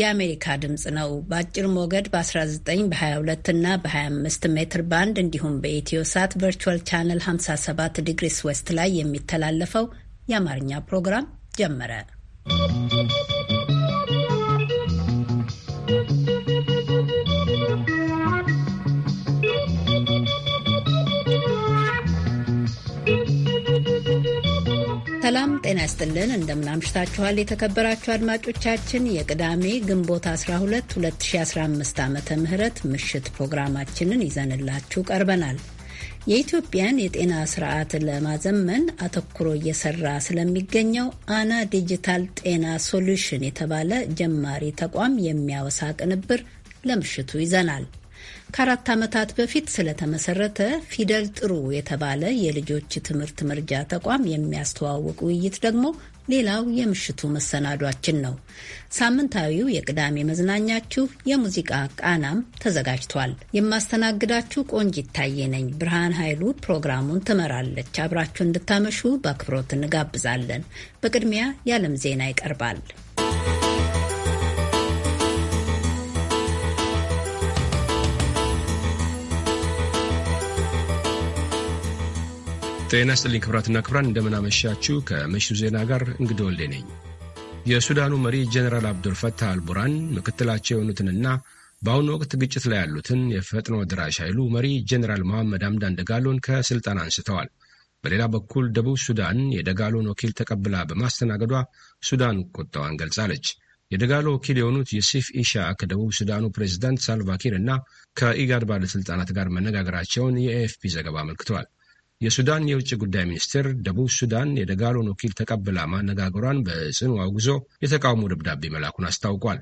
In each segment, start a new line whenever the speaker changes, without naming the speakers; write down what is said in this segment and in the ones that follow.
የአሜሪካ ድምፅ ነው። በአጭር ሞገድ በ19 በ22 እና በ25 ሜትር ባንድ እንዲሁም በኢትዮ ሳት ቨርቹዋል ቻነል 57 ዲግሪስ ዌስት ላይ የሚተላለፈው የአማርኛ ፕሮግራም ጀመረ። ሰላም ጤና ይስጥልን። እንደምናምሽታችኋል የተከበራችሁ አድማጮቻችን የቅዳሜ ግንቦት 12 2015 ዓ ምህረት ምሽት ፕሮግራማችንን ይዘንላችሁ ቀርበናል። የኢትዮጵያን የጤና ስርዓት ለማዘመን አተኩሮ እየሰራ ስለሚገኘው አና ዲጂታል ጤና ሶሉሽን የተባለ ጀማሪ ተቋም የሚያወሳ ቅንብር ለምሽቱ ይዘናል። ከአራት ዓመታት በፊት ስለተመሰረተ ፊደል ጥሩ የተባለ የልጆች ትምህርት መርጃ ተቋም የሚያስተዋውቅ ውይይት ደግሞ ሌላው የምሽቱ መሰናዷችን ነው። ሳምንታዊው የቅዳሜ መዝናኛችሁ የሙዚቃ ቃናም ተዘጋጅቷል። የማስተናግዳችሁ ቆንጅ ይታየ ነኝ። ብርሃን ኃይሉ ፕሮግራሙን ትመራለች። አብራችሁ እንድታመሹ በአክብሮት እንጋብዛለን። በቅድሚያ የዓለም ዜና ይቀርባል።
ጤና ስጥልኝ ክብራትና ክብራን፣ እንደምናመሻችሁ። ከምሽቱ ዜና ጋር እንግዲ ወልዴ ነኝ። የሱዳኑ መሪ ጀኔራል አብዱል ፈታህ አልቡራን ምክትላቸው የሆኑትንና በአሁኑ ወቅት ግጭት ላይ ያሉትን የፈጥኖ ድራሽ ኃይሉ መሪ ጀኔራል መሐመድ አምዳን ደጋሎን ከስልጣን አንስተዋል። በሌላ በኩል ደቡብ ሱዳን የደጋሎን ወኪል ተቀብላ በማስተናገዷ ሱዳን ቁጣዋን ገልጻለች። የደጋሎ ወኪል የሆኑት የሲፍ ኢሻ ከደቡብ ሱዳኑ ፕሬዚዳንት ሳልቫኪር እና ከኢጋድ ባለሥልጣናት ጋር መነጋገራቸውን የኤኤፍፒ ዘገባ አመልክተዋል። የሱዳን የውጭ ጉዳይ ሚኒስትር ደቡብ ሱዳን የደጋሎን ወኪል ተቀብላ ማነጋገሯን በጽኑ አውግዞ የተቃውሞ ደብዳቤ መላኩን አስታውቋል።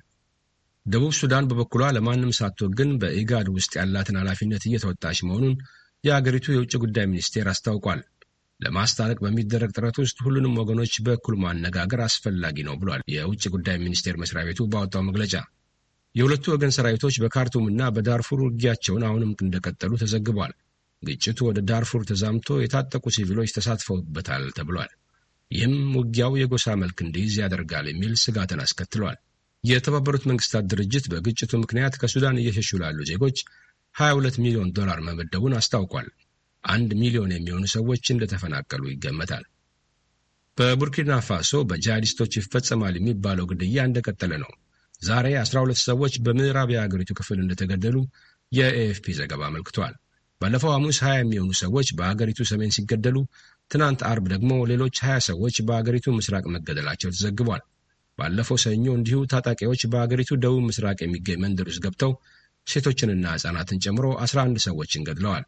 ደቡብ ሱዳን በበኩሏ ለማንም ሳትወግን በኢጋድ ውስጥ ያላትን ኃላፊነት እየተወጣች መሆኑን የአገሪቱ የውጭ ጉዳይ ሚኒስቴር አስታውቋል። ለማስታረቅ በሚደረግ ጥረት ውስጥ ሁሉንም ወገኖች በእኩል ማነጋገር አስፈላጊ ነው ብሏል። የውጭ ጉዳይ ሚኒስቴር መስሪያ ቤቱ ባወጣው መግለጫ የሁለቱ ወገን ሰራዊቶች በካርቱም እና በዳርፉር ውጊያቸውን አሁንም እንደቀጠሉ ተዘግቧል። ግጭቱ ወደ ዳርፉር ተዛምቶ የታጠቁ ሲቪሎች ተሳትፈውበታል ተብሏል። ይህም ውጊያው የጎሳ መልክ እንዲይዝ ያደርጋል የሚል ስጋትን አስከትሏል። የተባበሩት መንግስታት ድርጅት በግጭቱ ምክንያት ከሱዳን እየሸሹ ላሉ ዜጎች 22 ሚሊዮን ዶላር መመደቡን አስታውቋል። አንድ ሚሊዮን የሚሆኑ ሰዎች እንደተፈናቀሉ ይገመታል። በቡርኪና ፋሶ በጂሃዲስቶች ይፈጸማል የሚባለው ግድያ እንደቀጠለ ነው። ዛሬ 12 ሰዎች በምዕራብ የአገሪቱ ክፍል እንደተገደሉ የኤኤፍፒ ዘገባ አመልክቷል። ባለፈው ሐሙስ ሀያ የሚሆኑ ሰዎች በአገሪቱ ሰሜን ሲገደሉ ትናንት አርብ ደግሞ ሌሎች ሀያ ሰዎች በአገሪቱ ምስራቅ መገደላቸው ተዘግቧል። ባለፈው ሰኞ እንዲሁ ታጣቂዎች በአገሪቱ ደቡብ ምስራቅ የሚገኝ መንደር ውስጥ ገብተው ሴቶችንና ሕፃናትን ጨምሮ 11 ሰዎችን ገድለዋል።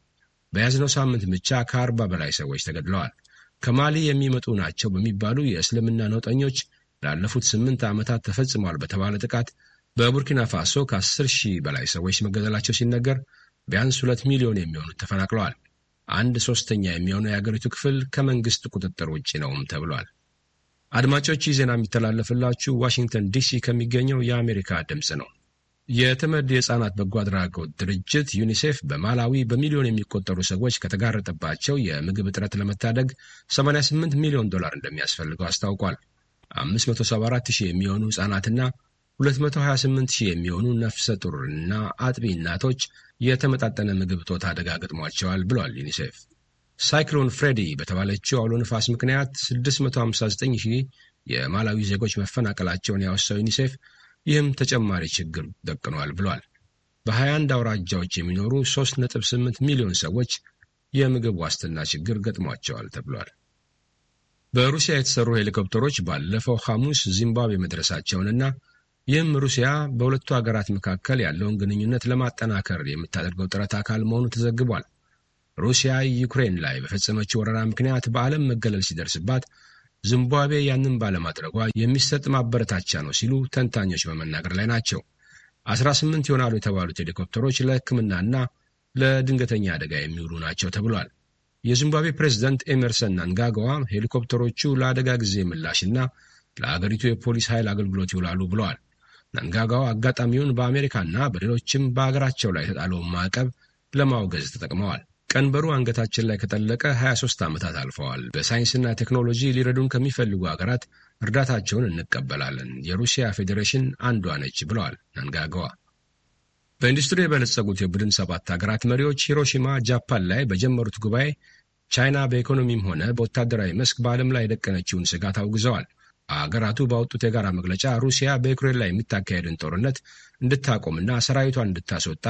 በያዝነው ሳምንት ብቻ ከአርባ በላይ ሰዎች ተገድለዋል። ከማሊ የሚመጡ ናቸው በሚባሉ የእስልምና ነውጠኞች ላለፉት ስምንት ዓመታት ተፈጽሟል በተባለ ጥቃት በቡርኪና ፋሶ ከ10 ሺህ በላይ ሰዎች መገደላቸው ሲነገር ቢያንስ ሁለት ሚሊዮን የሚሆኑት ተፈናቅለዋል። አንድ ሶስተኛ የሚሆነው የአገሪቱ ክፍል ከመንግስት ቁጥጥር ውጭ ነውም ተብሏል። አድማጮች ይህ ዜና የሚተላለፍላችሁ ዋሽንግተን ዲሲ ከሚገኘው የአሜሪካ ድምፅ ነው። የተመድ የሕፃናት በጎ አድራጎት ድርጅት ዩኒሴፍ በማላዊ በሚሊዮን የሚቆጠሩ ሰዎች ከተጋረጠባቸው የምግብ እጥረት ለመታደግ 88 ሚሊዮን ዶላር እንደሚያስፈልገው አስታውቋል። 574 ሺህ የሚሆኑ ሕፃናትና 228 ሺህ የሚሆኑ ነፍሰ ጡርና አጥቢ እናቶች የተመጣጠነ ምግብ እጦት አደጋ ገጥሟቸዋል ብሏል ዩኒሴፍ። ሳይክሎን ፍሬዲ በተባለችው አውሎ ንፋስ ምክንያት 659 ሺህ የማላዊ ዜጎች መፈናቀላቸውን ያወሳው ዩኒሴፍ ይህም ተጨማሪ ችግር ደቅኗል ብሏል። በ21 አውራጃዎች የሚኖሩ 3.8 ሚሊዮን ሰዎች የምግብ ዋስትና ችግር ገጥሟቸዋል ተብሏል። በሩሲያ የተሰሩ ሄሊኮፕተሮች ባለፈው ሐሙስ ዚምባብዌ መድረሳቸውንና ይህም ሩሲያ በሁለቱ ሀገራት መካከል ያለውን ግንኙነት ለማጠናከር የምታደርገው ጥረት አካል መሆኑ ተዘግቧል። ሩሲያ ዩክሬን ላይ በፈጸመችው ወረራ ምክንያት በዓለም መገለል ሲደርስባት ዚምባብዌ ያንን ባለማድረጓ የሚሰጥ ማበረታቻ ነው ሲሉ ተንታኞች በመናገር ላይ ናቸው። አስራ ስምንት ይሆናሉ የተባሉት ሄሊኮፕተሮች ለሕክምናና ለድንገተኛ አደጋ የሚውሉ ናቸው ተብሏል። የዚምባብዌ ፕሬዝዳንት ኤመርሰን ናንጋጋዋ ሄሊኮፕተሮቹ ለአደጋ ጊዜ ምላሽና ለአገሪቱ የፖሊስ ኃይል አገልግሎት ይውላሉ ብለዋል። መንጋጋው አጋጣሚውን በአሜሪካና በሌሎችም በሀገራቸው ላይ የተጣለውን ማዕቀብ ለማውገዝ ተጠቅመዋል። ቀንበሩ አንገታችን ላይ ከጠለቀ 23 ዓመታት አልፈዋል። በሳይንስና ቴክኖሎጂ ሊረዱን ከሚፈልጉ አገራት እርዳታቸውን እንቀበላለን። የሩሲያ ፌዴሬሽን አንዷ ነች ብለዋል ናንጋጋዋ። በኢንዱስትሪ የበለጸጉት የቡድን ሰባት ሀገራት መሪዎች ሂሮሺማ ጃፓን ላይ በጀመሩት ጉባኤ ቻይና በኢኮኖሚም ሆነ በወታደራዊ መስክ በዓለም ላይ የደቀነችውን ስጋት አውግዘዋል። አገራቱ ባወጡት የጋራ መግለጫ ሩሲያ በዩክሬን ላይ የሚታካሄድን ጦርነት እንድታቆምና ሰራዊቷን እንድታስወጣ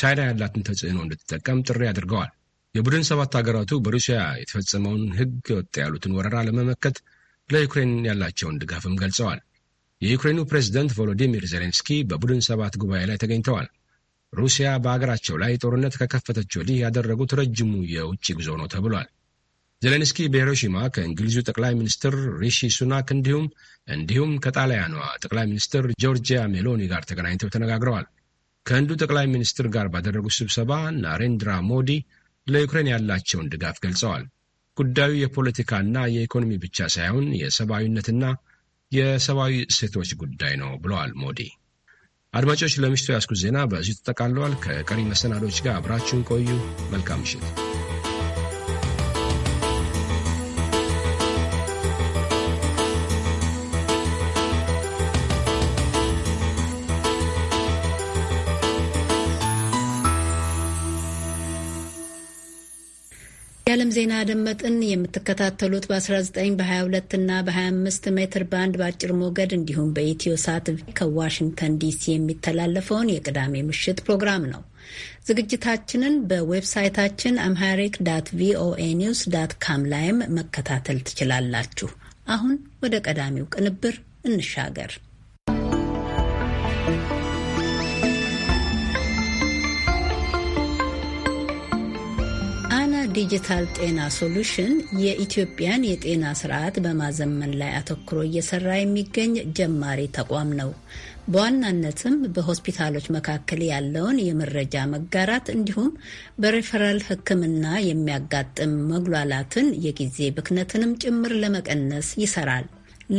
ቻይና ያላትን ተጽዕኖ እንድትጠቀም ጥሪ አድርገዋል። የቡድን ሰባት አገራቱ በሩሲያ የተፈጸመውን ህግ ወጥ ያሉትን ወረራ ለመመከት ለዩክሬን ያላቸውን ድጋፍም ገልጸዋል። የዩክሬኑ ፕሬዝደንት ቮሎዲሚር ዜሌንስኪ በቡድን ሰባት ጉባኤ ላይ ተገኝተዋል። ሩሲያ በአገራቸው ላይ ጦርነት ከከፈተች ወዲህ ያደረጉት ረጅሙ የውጭ ጉዞ ነው ተብሏል። ዜሌንስኪ በሂሮሺማ ከእንግሊዙ ጠቅላይ ሚኒስትር ሪሺ ሱናክ እንዲሁም እንዲሁም ከጣሊያኗ ጠቅላይ ሚኒስትር ጆርጂያ ሜሎኒ ጋር ተገናኝተው ተነጋግረዋል። ከህንዱ ጠቅላይ ሚኒስትር ጋር ባደረጉት ስብሰባ ናሬንድራ ሞዲ ለዩክሬን ያላቸውን ድጋፍ ገልጸዋል። ጉዳዩ የፖለቲካና የኢኮኖሚ ብቻ ሳይሆን የሰብአዊነትና የሰብአዊ እሴቶች ጉዳይ ነው ብለዋል ሞዲ። አድማጮች፣ ለምሽቱ ያስኩት ዜና በዚሁ ተጠቃለዋል። ከቀሪ መሰናዶች ጋር አብራችሁን ቆዩ። መልካም ምሽት።
የዓለም ዜና ደመጥን የምትከታተሉት በ19 በ22 እና በ25 ሜትር ባንድ በአጭር ሞገድ እንዲሁም በኢትዮ ሳት ከዋሽንግተን ዲሲ የሚተላለፈውን የቅዳሜ ምሽት ፕሮግራም ነው። ዝግጅታችንን በዌብሳይታችን አምሃሪክ ዳት ቪኦኤ ኒውስ ዳት ካም ላይም መከታተል ትችላላችሁ። አሁን ወደ ቀዳሚው ቅንብር እንሻገር። ዲጂታል ጤና ሶሉሽን የኢትዮጵያን የጤና ስርዓት በማዘመን ላይ አተኩሮ እየሰራ የሚገኝ ጀማሪ ተቋም ነው። በዋናነትም በሆስፒታሎች መካከል ያለውን የመረጃ መጋራት እንዲሁም በሬፈራል ሕክምና የሚያጋጥም መጉላላትን የጊዜ ብክነትንም ጭምር ለመቀነስ ይሰራል።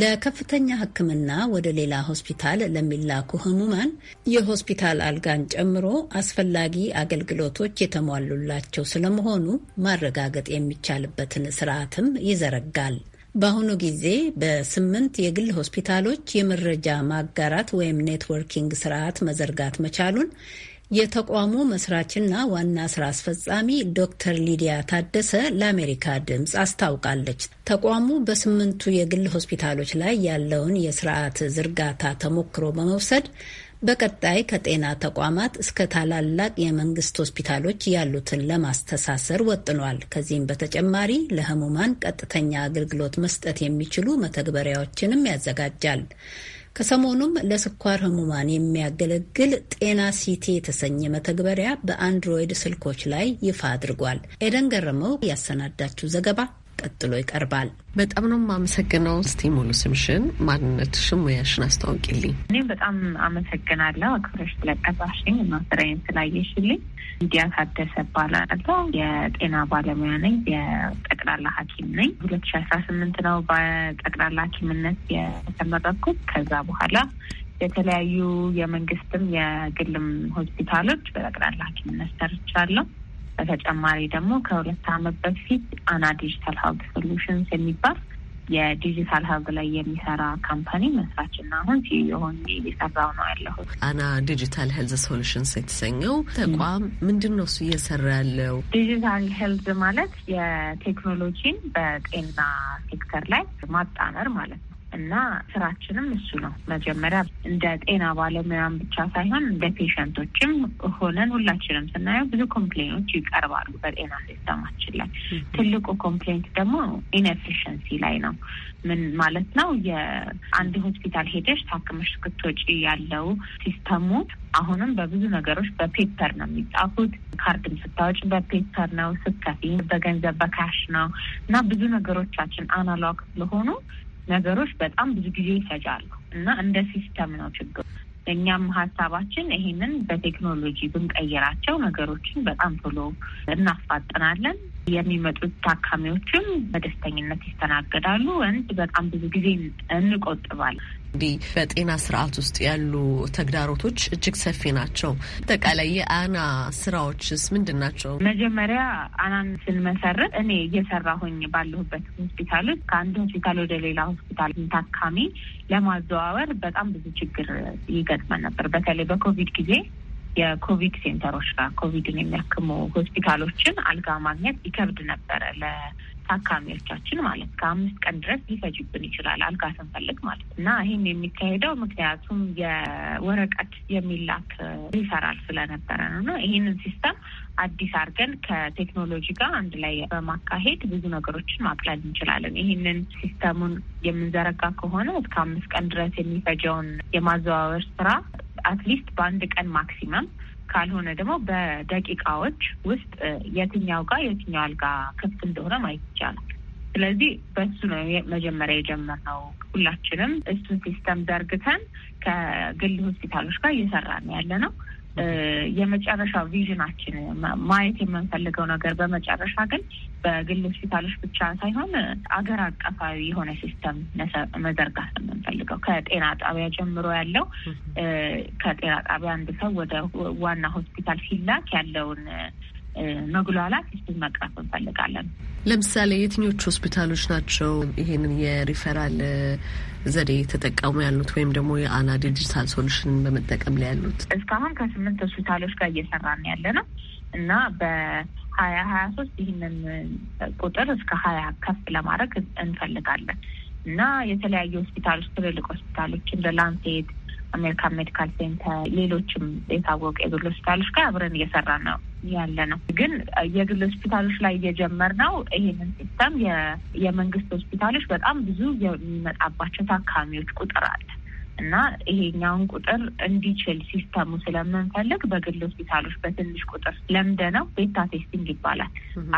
ለከፍተኛ ሕክምና ወደ ሌላ ሆስፒታል ለሚላኩ ህሙማን የሆስፒታል አልጋን ጨምሮ አስፈላጊ አገልግሎቶች የተሟሉላቸው ስለመሆኑ ማረጋገጥ የሚቻልበትን ስርዓትም ይዘረጋል። በአሁኑ ጊዜ በስምንት የግል ሆስፒታሎች የመረጃ ማጋራት ወይም ኔትወርኪንግ ስርዓት መዘርጋት መቻሉን የተቋሙ መስራችና ዋና ስራ አስፈጻሚ ዶክተር ሊዲያ ታደሰ ለአሜሪካ ድምፅ አስታውቃለች። ተቋሙ በስምንቱ የግል ሆስፒታሎች ላይ ያለውን የስርዓት ዝርጋታ ተሞክሮ በመውሰድ በቀጣይ ከጤና ተቋማት እስከ ታላላቅ የመንግስት ሆስፒታሎች ያሉትን ለማስተሳሰር ወጥኗል። ከዚህም በተጨማሪ ለህሙማን ቀጥተኛ አገልግሎት መስጠት የሚችሉ መተግበሪያዎችንም ያዘጋጃል። ከሰሞኑም ለስኳር ህሙማን የሚያገለግል ጤና ሲቲ የተሰኘ መተግበሪያ በአንድሮይድ ስልኮች ላይ ይፋ አድርጓል። ኤደን ገረመው ያሰናዳችው ዘገባ ቀጥሎ ይቀርባል።
በጣም ነው የማመሰግነው። እስቲ ሙሉ ስምሽን፣ ማንነትሽን፣ ሙያሽን አስታውቂልኝ። እኔም
በጣም አመሰግናለሁ አክብረሽ ስለቀባሽኝ እና ስራዬን ስላየሽልኝ። ሚዲያ ታደሰ እባላለሁ። የጤና ባለሙያ ነኝ። የጠቅላላ ሐኪም ነኝ። ሁለት ሺ አስራ ስምንት ነው በጠቅላላ ሐኪምነት የተመረኩት። ከዛ በኋላ የተለያዩ የመንግስትም የግልም ሆስፒታሎች በጠቅላላ ሐኪምነት ሰርቻለሁ። በተጨማሪ ደግሞ ከሁለት አመት በፊት አና ዲጂታል ሀብ ሶሉሽንስ የሚባል የዲጂታል ሀብ ላይ የሚሰራ ካምፓኒ መስራችና አሁን ሲኢኦ እየሰራው
ነው ያለሁት። አና ዲጂታል ሄልዝ ሶሉሽንስ የተሰኘው ተቋም ምንድን ነው እሱ እየሰራ ያለው?
ዲጂታል ሄልዝ ማለት የቴክኖሎጂን በጤና ሴክተር ላይ ማጣመር ማለት ነው። እና ስራችንም እሱ ነው። መጀመሪያ እንደ ጤና ባለሙያም ብቻ ሳይሆን እንደ ፔሸንቶችም ሆነን ሁላችንም ስናየው ብዙ ኮምፕሌኖች ይቀርባሉ በጤና ሲስተማችን ላይ። ትልቁ ኮምፕሌንት ደግሞ ኢንኤፊሽንሲ ላይ ነው። ምን ማለት ነው? የአንድ ሆስፒታል ሄደሽ ታክመሽ እስክትወጪ ያለው ሲስተሙ አሁንም በብዙ ነገሮች በፔፐር ነው የሚጻፉት። ካርድም ስታወጭ በፔፐር ነው፣ ስከፊ በገንዘብ በካሽ ነው እና ብዙ ነገሮቻችን አናሎግ ስለሆኑ ነገሮች በጣም ብዙ ጊዜ ይፈጃሉ እና እንደ ሲስተም ነው ችግሩ። እኛም ሀሳባችን ይሄንን በቴክኖሎጂ ብንቀይራቸው ነገሮችን በጣም ቶሎ እናፋጥናለን። የሚመጡት ታካሚዎችም በደስተኝነት ይስተናገዳሉ።
ወንድ በጣም ብዙ ጊዜ እንቆጥባል። እንዲህ በጤና ስርዓት ውስጥ ያሉ ተግዳሮቶች እጅግ ሰፊ ናቸው። አጠቃላይ የአና ስራዎችስ ምንድን ናቸው?
መጀመሪያ አናን ስንመሰረት እኔ እየሰራሁኝ ባለሁበት ሆስፒታል ውስጥ ከአንድ ሆስፒታል ወደ ሌላ ሆስፒታል ታካሚ ለማዘዋወር በጣም ብዙ ችግር ይገጥመን ነበር። በተለይ በኮቪድ ጊዜ የኮቪድ ሴንተሮች ጋር ኮቪድን የሚያክሙ ሆስፒታሎችን አልጋ ማግኘት ይከብድ ነበረ ታካሚዎቻችን ማለት ከአምስት ቀን ድረስ ሊፈጅብን ይችላል አልጋ ስንፈልግ ማለት እና ይህን የሚካሄደው ምክንያቱም የወረቀት የሚላክ ሪፈራል ስለነበረ ነው እና ይህንን ሲስተም አዲስ አድርገን ከቴክኖሎጂ ጋር አንድ ላይ በማካሄድ ብዙ ነገሮችን ማቅለል እንችላለን። ይህንን ሲስተሙን የምንዘረጋ ከሆነ እስከ አምስት ቀን ድረስ የሚፈጀውን የማዘዋወር ስራ አትሊስት በአንድ ቀን ማክሲመም ካልሆነ ደግሞ በደቂቃዎች ውስጥ የትኛው ጋር የትኛው አልጋ ክፍት እንደሆነ ማየት ይቻላል። ስለዚህ በሱ ነው መጀመሪያ የጀመርነው። ሁላችንም እሱን ሲስተም ዘርግተን ከግል ሆስፒታሎች ጋር እየሰራ ነው ያለ ነው። የመጨረሻ ቪዥናችን ማየት የምንፈልገው ነገር በመጨረሻ ግን በግል ሆስፒታሎች ብቻ ሳይሆን አገር አቀፋዊ የሆነ ሲስተም መዘርጋት የምንፈልገው። ከጤና ጣቢያ ጀምሮ ያለው ከጤና ጣቢያ አንድ ሰው ወደ ዋና ሆስፒታል ሲላክ ያለውን መጉላላት እሱን መቅረፍ እንፈልጋለን።
ለምሳሌ የትኞቹ ሆስፒታሎች ናቸው ይሄንን የሪፈራል ዘዴ ተጠቀሙ ያሉት ወይም ደግሞ የአና ዲጂታል ሶሉሽንን በመጠቀም ላይ ያሉት?
እስካሁን ከስምንት ሆስፒታሎች ጋር እየሰራን ያለ ነው እና በሀያ ሀያ ሶስት ይህንን ቁጥር እስከ ሀያ ከፍ ለማድረግ እንፈልጋለን እና የተለያዩ ሆስፒታሎች ትልልቅ ሆስፒታሎች እንደ ላንሴት አሜሪካን ሜዲካል ሴንተር፣ ሌሎችም የታወቀ የግል ሆስፒታሎች ጋር አብረን እየሰራን ነው ያለ ነው። ግን የግል ሆስፒታሎች ላይ ነው። ይሄንን ሲስተም የመንግስት ሆስፒታሎች በጣም ብዙ የሚመጣባቸው ታካሚዎች ቁጥር አለ እና ይሄኛውን ቁጥር እንዲችል ሲስተሙ ስለምንፈልግ በግል ሆስፒታሎች በትንሽ ቁጥር ለምደ ነው ቤታ ቴስቲንግ ይባላል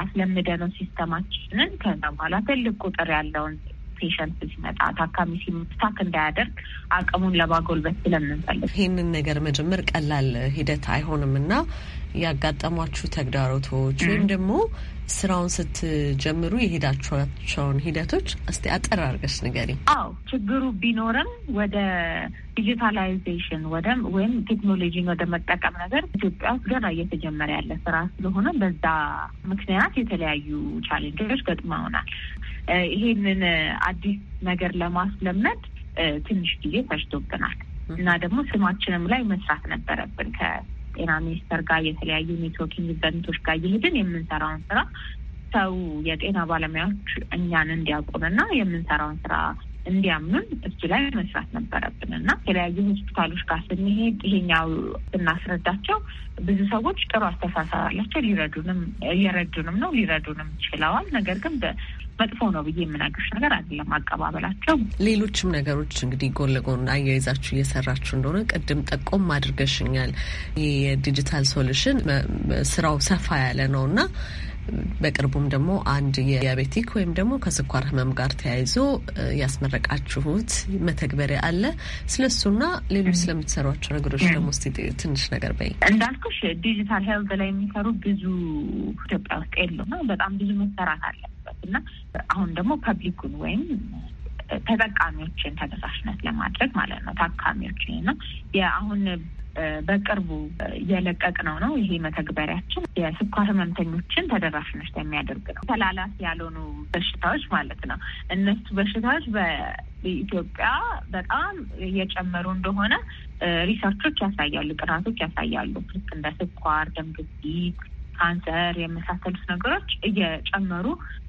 አስለምደ ነው ሲስተማችንን ከዛ በኋላ ትልቅ ቁጥር ያለውን
ፔሸንት ሲመጣ ታካሚ ሲታክ እንዳያደርግ አቅሙን ለማጎልበት ስለምንፈልግ ይህንን ነገር መጀመር ቀላል ሂደት አይሆንም እና ያጋጠሟችሁ ተግዳሮቶች ወይም ደግሞ ስራውን ስትጀምሩ የሄዳችኋቸውን ሂደቶች እስቲ አጠር አድርገሽ ንገሪ።
አዎ ችግሩ ቢኖርም ወደ ዲጂታላይዜሽን ወደ ወይም ቴክኖሎጂን ወደ መጠቀም ነገር ኢትዮጵያ ውስጥ ገና እየተጀመረ ያለ ስራ ስለሆነ በዛ ምክንያት የተለያዩ ቻሌንጆች ገጥመውናል። ይሄንን አዲስ ነገር ለማስለመድ ትንሽ ጊዜ ፈጅቶብናል እና ደግሞ ስማችንም ላይ መስራት ነበረብን። ከጤና ሚኒስቴር ጋር የተለያዩ ኔትወርኪንግ ኢቨንቶች ጋር እየሄድን የምንሰራውን ስራ ሰው የጤና ባለሙያዎች እኛን እንዲያውቁንና የምንሰራውን ስራ እንዲያምኑን እሱ ላይ መስራት ነበረብን እና የተለያዩ ሆስፒታሎች ጋር ስንሄድ ይሄኛው ስናስረዳቸው ብዙ ሰዎች ጥሩ አስተሳሰብ አላቸው። ሊረዱንም እየረዱንም ነው ሊረዱንም ችለዋል። ነገር ግን መጥፎ ነው ብዬ የምናገርሽ ነገር
አይደለም አቀባበላቸው። ሌሎችም ነገሮች እንግዲህ ጎን ለጎን አያይዛችሁ እየሰራችሁ እንደሆነ ቅድም ጠቆም አድርገሽኛል። የዲጂታል ሶሉሽን ስራው ሰፋ ያለ ነው እና በቅርቡም ደግሞ አንድ የዲያቤቲክ ወይም ደግሞ ከስኳር ህመም ጋር ተያይዞ ያስመረቃችሁት መተግበሪያ አለ። ስለ እሱና ሌሎች ስለምትሰሯቸው ነገሮች ደግሞ ስ ትንሽ ነገር በይ።
እንዳልኩሽ ዲጂታል ሄልዝ ላይ የሚሰሩ ብዙ ኢትዮጵያ ውስጥ የለውም። በጣም ብዙ መሰራት አለ። እና አሁን ደግሞ ፐብሊኩን ወይም ተጠቃሚዎችን ተደራሽነት ለማድረግ ማለት ነው ታካሚዎችን እና የአሁን በቅርቡ እየለቀቅ ነው ነው ይሄ መተግበሪያችን የስኳር ህመምተኞችን ተደራሽነት የሚያደርግ ነው። ተላላፊ ያልሆኑ በሽታዎች ማለት ነው። እነሱ በሽታዎች በኢትዮጵያ በጣም እየጨመሩ እንደሆነ ሪሰርቾች ያሳያሉ፣ ጥናቶች ያሳያሉ። ልክ እንደ ስኳር፣ ደም ግፊት ካንሰር የመሳሰሉት ነገሮች እየጨመሩ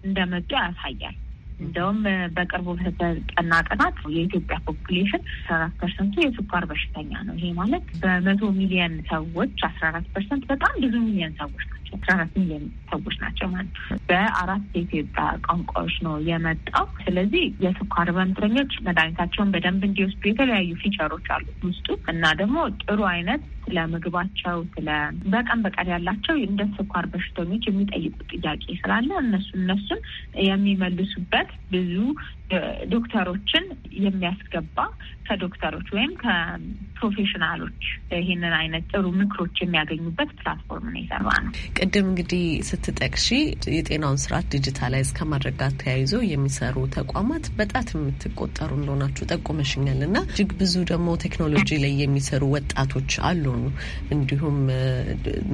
እንደመጡ ያሳያል። እንደውም በቅርቡ በተጠና ጥናት የኢትዮጵያ ፖፕሌሽን አስራ አራት ፐርሰንቱ የስኳር በሽተኛ ነው። ይሄ ማለት በመቶ ሚሊየን ሰዎች አስራ አራት ፐርሰንት በጣም ብዙ ሚሊየን ሰዎች አስራ አራት ሚሊዮን ሰዎች ናቸው ማለት ነው። በአራት የኢትዮጵያ ቋንቋዎች ነው የመጣው። ስለዚህ የስኳር ህመምተኞች መድኃኒታቸውን በደንብ እንዲወስዱ የተለያዩ ፊቸሮች አሉት ውስጡ እና ደግሞ ጥሩ አይነት ስለ ምግባቸው ስለ በቀን በቀን ያላቸው እንደ ስኳር በሽተኞች የሚጠይቁት ጥያቄ ስላለ እነሱ እነሱን የሚመልሱበት ብዙ ዶክተሮችን የሚያስገባ ከዶክተሮች ወይም ከፕሮፌሽናሎች ይህንን አይነት ጥሩ ምክሮች የሚያገኙበት ፕላትፎርም ነው የሰራ ነው።
ቅድም እንግዲህ ስትጠቅሺ የጤናውን ስርዓት ዲጂታላይዝ ከማድረግ ጋር ተያይዞ የሚሰሩ ተቋማት በጣት የምትቆጠሩ እንደሆናችሁ ጠቁመሽኛል እና እጅግ ብዙ ደግሞ ቴክኖሎጂ ላይ የሚሰሩ ወጣቶች አሉ እንዲሁም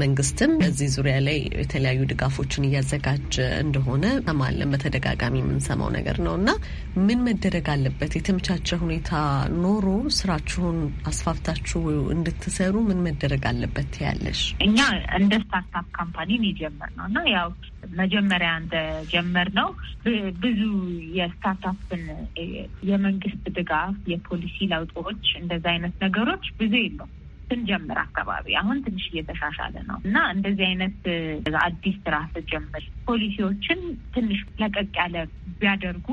መንግስትም በዚህ ዙሪያ ላይ የተለያዩ ድጋፎችን እያዘጋጀ እንደሆነ ማለን በተደጋጋሚ የምንሰማው ነገር ነው እና ምን መደረግ አለበት? የተመቻቸ ሁኔታ ኖሮ ስራችሁን አስፋፍታችሁ እንድትሰሩ ምን መደረግ አለበት ያለሽ?
እኛ እንደ ስታርታፕ ካምፓኒን የጀመር ነው እና ያው መጀመሪያ ጀመር ነው ብዙ የስታርታፕን የመንግስት ድጋፍ፣ የፖሊሲ ለውጦች እንደዚ አይነት ነገሮች ብዙ የለው ስንጀምር አካባቢ አሁን ትንሽ እየተሻሻለ ነው እና እንደዚህ አይነት አዲስ ስራ ስጀምር ፖሊሲዎችን ትንሽ ለቀቅ ያለ ቢያደርጉ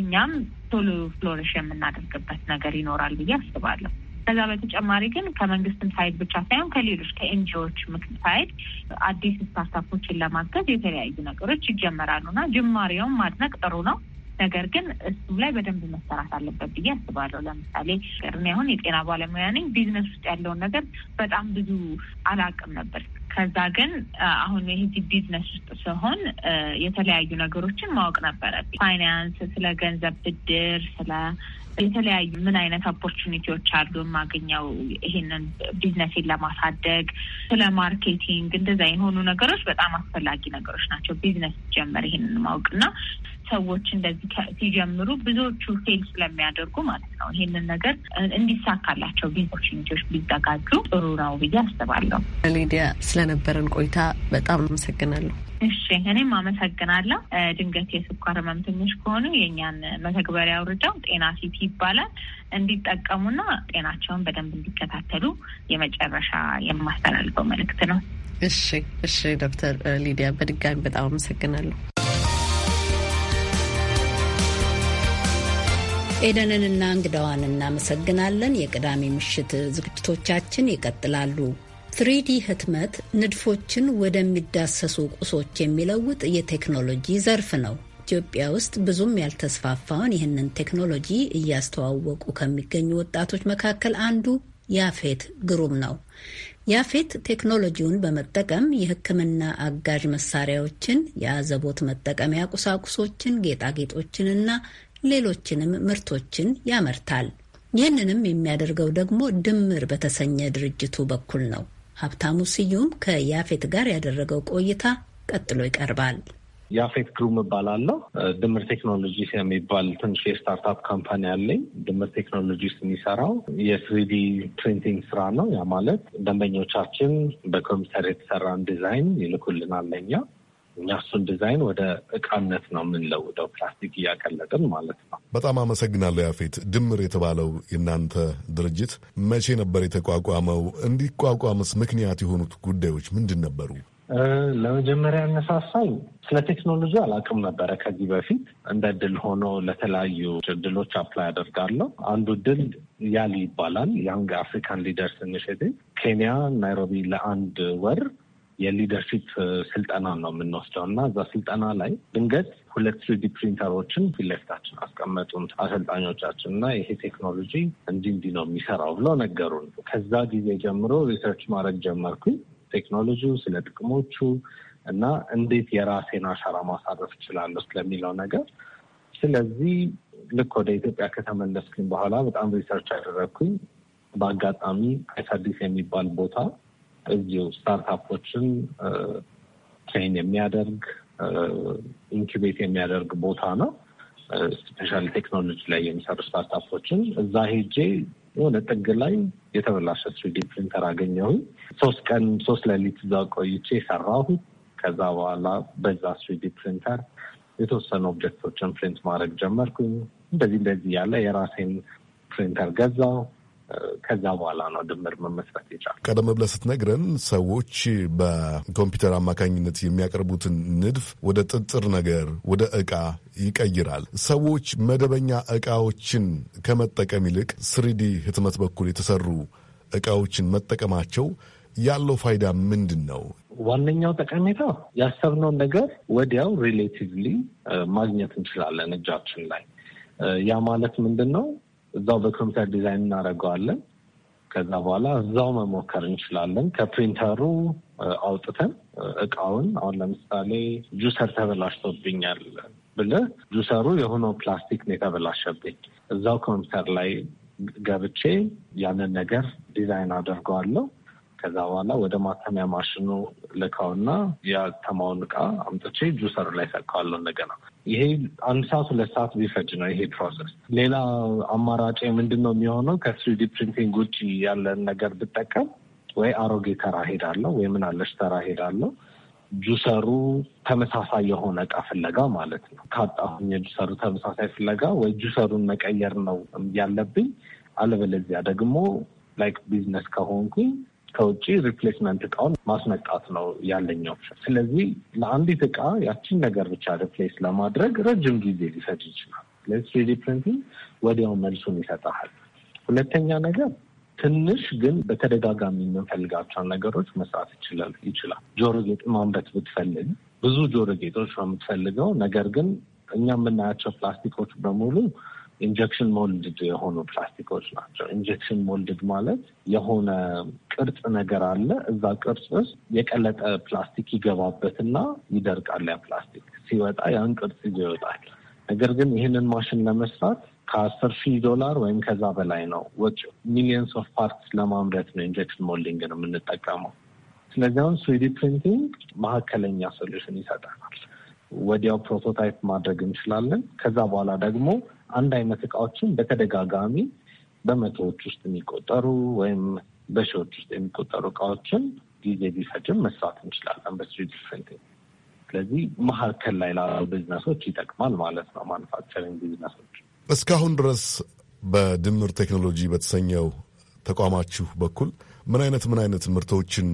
እኛም ቶሎ ፍሎሪሽ የምናደርግበት ነገር ይኖራል ብዬ አስባለሁ። ከዛ በተጨማሪ ግን ከመንግስትም ሳይድ ብቻ ሳይሆን ከሌሎች ከኤንጂዎች ምክር ሳይድ አዲስ ስታርታፖችን ለማገዝ የተለያዩ ነገሮች ይጀመራሉ እና ጅማሬውን ማድነቅ ጥሩ ነው። ነገር ግን እሱ ላይ በደንብ መሰራት አለበት ብዬ አስባለሁ። ለምሳሌ እኔ አሁን የጤና ባለሙያ ነኝ። ቢዝነስ ውስጥ ያለውን ነገር በጣም ብዙ አላቅም ነበር ከዛ ግን አሁን ይህ ቢዝነስ ውስጥ ሲሆን የተለያዩ ነገሮችን ማወቅ ነበረብኝ። ፋይናንስ፣ ስለ ገንዘብ ብድር፣ ስለ የተለያዩ ምን አይነት ኦፖርቹኒቲዎች አሉ የማገኘው ይሄንን ቢዝነሴን ለማሳደግ፣ ስለ ማርኬቲንግ እንደዛ የሆኑ ነገሮች በጣም አስፈላጊ ነገሮች ናቸው። ቢዝነስ ጀመር ይሄንን ማወቅና ሰዎች እንደዚህ ሲጀምሩ ብዙዎቹ ፌል ስለሚያደርጉ ማለት ነው። ይህንን ነገር እንዲሳካላቸው ኦፖርቹኒቲዎች
ቢዘጋጁ ጥሩ ነው ብዬ አስባለሁ። ሊዲያ ስለነበረን ቆይታ በጣም አመሰግናለሁ።
እሺ እኔም አመሰግናለሁ። ድንገት የስኳር ህመምተኞች ከሆኑ የእኛን መተግበሪያ አውርደው ጤና ሲቲ ይባላል እንዲጠቀሙና ጤናቸውን በደንብ እንዲከታተሉ የመጨረሻ የማስተላልፈው መልእክት
ነው። እሺ እሺ ዶክተር
ሊዲያ በድጋሚ በጣም አመሰግናለሁ። ኤደንንና እንግዳዋን እናመሰግናለን። የቅዳሜ ምሽት ዝግጅቶቻችን ይቀጥላሉ። ትሪዲ ህትመት ንድፎችን ወደሚዳሰሱ ቁሶች የሚለውጥ የቴክኖሎጂ ዘርፍ ነው። ኢትዮጵያ ውስጥ ብዙም ያልተስፋፋውን ይህንን ቴክኖሎጂ እያስተዋወቁ ከሚገኙ ወጣቶች መካከል አንዱ ያፌት ግሩም ነው። ያፌት ቴክኖሎጂውን በመጠቀም የሕክምና አጋዥ መሳሪያዎችን፣ የአዘቦት መጠቀሚያ ቁሳቁሶችን፣ ጌጣጌጦችንና ሌሎችንም ምርቶችን ያመርታል። ይህንንም የሚያደርገው ደግሞ ድምር በተሰኘ ድርጅቱ በኩል ነው። ሀብታሙ ስዩም ከያፌት ጋር ያደረገው ቆይታ ቀጥሎ ይቀርባል።
ያፌት ግሩም እባላለሁ። ድምር ቴክኖሎጂስ የሚባል ትንሽ የስታርታፕ ካምፓኒ አለኝ። ድምር ቴክኖሎጂስ የሚሰራው የስሪዲ ፕሪንቲንግ ስራ ነው። ያ ማለት ደንበኞቻችን በኮምፒውተር የተሰራን ዲዛይን ይልኩልናል ለኛ እኛ እሱን ዲዛይን ወደ እቃነት ነው የምንለውደው፣ ፕላስቲክ እያቀለጥን ማለት ነው።
በጣም አመሰግናለሁ ያፌት። ድምር የተባለው የእናንተ ድርጅት መቼ ነበር የተቋቋመው? እንዲቋቋምስ ምክንያት የሆኑት ጉዳዮች ምንድን ነበሩ?
ለመጀመሪያ ያነሳሳኝ ስለ ቴክኖሎጂ አላውቅም ነበረ ከዚህ በፊት። እንደ ድል ሆኖ ለተለያዩ ድሎች አፕላይ አደርጋለሁ። አንዱ ድል ያሊ ይባላል ያንግ አፍሪካን ሊደርስ ኢኒሽቲቭ ኬንያ ናይሮቢ ለአንድ ወር የሊደርሽፕ ስልጠና ነው የምንወስደው እና እዛ ስልጠና ላይ ድንገት ሁለት ስሪዲ ፕሪንተሮችን ፊት ለፊታችን አስቀመጡን አሰልጣኞቻችን እና ይሄ ቴክኖሎጂ እንዲ እንዲ ነው የሚሰራው ብለው ነገሩን። ከዛ ጊዜ ጀምሮ ሪሰርች ማድረግ ጀመርኩኝ ቴክኖሎጂው ስለ ጥቅሞቹ እና እንዴት የራሴን አሻራ ማሳረፍ እችላለሁ ስለሚለው ነገር። ስለዚህ ልክ ወደ ኢትዮጵያ ከተመለስኩኝ በኋላ በጣም ሪሰርች አደረግኩኝ። በአጋጣሚ አዲስ የሚባል ቦታ እዚሁ ስታርታፖችን ትሬን የሚያደርግ ኢንኩቤት የሚያደርግ ቦታ ነው። ስፔሻል ቴክኖሎጂ ላይ የሚሰሩ ስታርታፖችን እዛ ሄጄ የሆነ ጥግ ላይ የተበላሸ ስሪዲ ፕሪንተር አገኘሁ። ሶስት ቀን ሶስት ሌሊት እዛ ቆይቼ ሰራሁ። ከዛ በኋላ በዛ ስሪዲ ፕሪንተር የተወሰኑ ኦብጀክቶችን ፕሪንት ማድረግ ጀመርኩኝ። እንደዚህ እንደዚህ ያለ የራሴን ፕሪንተር ገዛው። ከዛ በኋላ ነው ድምር
መመስረት ይቻል። ቀደም ብለህ ስትነግረን ሰዎች በኮምፒውተር አማካኝነት የሚያቀርቡትን ንድፍ ወደ ጥጥር ነገር ወደ እቃ ይቀይራል። ሰዎች መደበኛ እቃዎችን ከመጠቀም ይልቅ ስሪዲ ህትመት በኩል የተሰሩ እቃዎችን መጠቀማቸው ያለው ፋይዳ ምንድን ነው? ዋነኛው ጠቀሜታ
ያሰብነውን ነገር ወዲያው ሪሌቲቭሊ ማግኘት እንችላለን እጃችን ላይ። ያ ማለት ምንድን ነው? እዛው በኮምፒውተር ዲዛይን እናደርገዋለን። ከዛ በኋላ እዛው መሞከር እንችላለን። ከፕሪንተሩ አውጥተን እቃውን አሁን ለምሳሌ ጁሰር ተበላሽቶብኛል ብለ ጁሰሩ የሆነው ፕላስቲክ ነው የተበላሸብኝ። እዛው ኮምፒውተር ላይ ገብቼ ያንን ነገር ዲዛይን አደርገዋለሁ። ከዛ በኋላ ወደ ማተሚያ ማሽኑ ልካውና ያተማውን እቃ አምጥቼ ጁሰሩ ላይ ሰካዋለሁ እንደገና። ይሄ አንድ ሰዓት ሁለት ሰዓት ቢፈጅ ነው ይሄ ፕሮሰስ። ሌላ አማራጭ ምንድን ነው የሚሆነው? ከስሪዲ ፕሪንቲንግ ውጭ ያለን ነገር ብጠቀም ወይ አሮጌ ተራ ሄዳለሁ ወይ ምናለሽ ተራ ሄዳለሁ ጁሰሩ ተመሳሳይ የሆነ እቃ ፍለጋ ማለት ነው። ካጣሁኝ የጁሰሩ ተመሳሳይ ፍለጋ ወይ ጁሰሩን መቀየር ነው ያለብኝ። አለበለዚያ ደግሞ ላይክ ቢዝነስ ከሆንኩኝ ከውጭ ሪፕሌስመንት እቃውን ማስመጣት ነው ያለኛው። ስለዚህ ለአንዲት እቃ ያችን ነገር ብቻ ሪፕሌስ ለማድረግ ረጅም ጊዜ ሊሰድ ይችላል። ለስሪዲ ፕሪንቲንግ ወዲያው መልሱን ይሰጠሃል። ሁለተኛ ነገር ትንሽ ግን በተደጋጋሚ የምንፈልጋቸውን ነገሮች መስራት ይችላል። ጆሮ ጌጥ ማምረት ብትፈልግ ብዙ ጆሮ ጌጦች ነው የምትፈልገው። ነገር ግን እኛ የምናያቸው ፕላስቲኮች በሙሉ ኢንጀክሽን ሞልድድ የሆኑ ፕላስቲኮች ናቸው። ኢንጀክሽን ሞልድድ ማለት የሆነ ቅርጽ ነገር አለ። እዛ ቅርጽ ውስጥ የቀለጠ ፕላስቲክ ይገባበትና ይደርቃል። ያ ፕላስቲክ ሲወጣ ያን ቅርጽ ይዞ ይወጣል። ነገር ግን ይህንን ማሽን ለመስራት ከአስር ሺህ ዶላር ወይም ከዛ በላይ ነው ወጪ። ሚሊየንስ ኦፍ ፓርትስ ለማምረት ነው ኢንጀክሽን ነው የምንጠቀመው። ስለዚህ አሁን ስዊዲ ፕሪንቲንግ መካከለኛ ሶሉሽን ይሰጠናል። ወዲያው ፕሮቶታይፕ ማድረግ እንችላለን። ከዛ በኋላ ደግሞ አንድ አይነት እቃዎችን በተደጋጋሚ በመቶዎች ውስጥ የሚቆጠሩ ወይም በሺዎች ውስጥ የሚቆጠሩ እቃዎችን ጊዜ ቢፈጅም መስራት እንችላለን በስሪዲ ፕሪንቲንግ። ስለዚህ መካከል ላይ ላሉ ቢዝነሶች ይጠቅማል ማለት ነው። ማኑፋክቸሪንግ ቢዝነሶች
እስካሁን ድረስ በድምር ቴክኖሎጂ በተሰኘው ተቋማችሁ በኩል ምን አይነት ምን አይነት ምርቶችን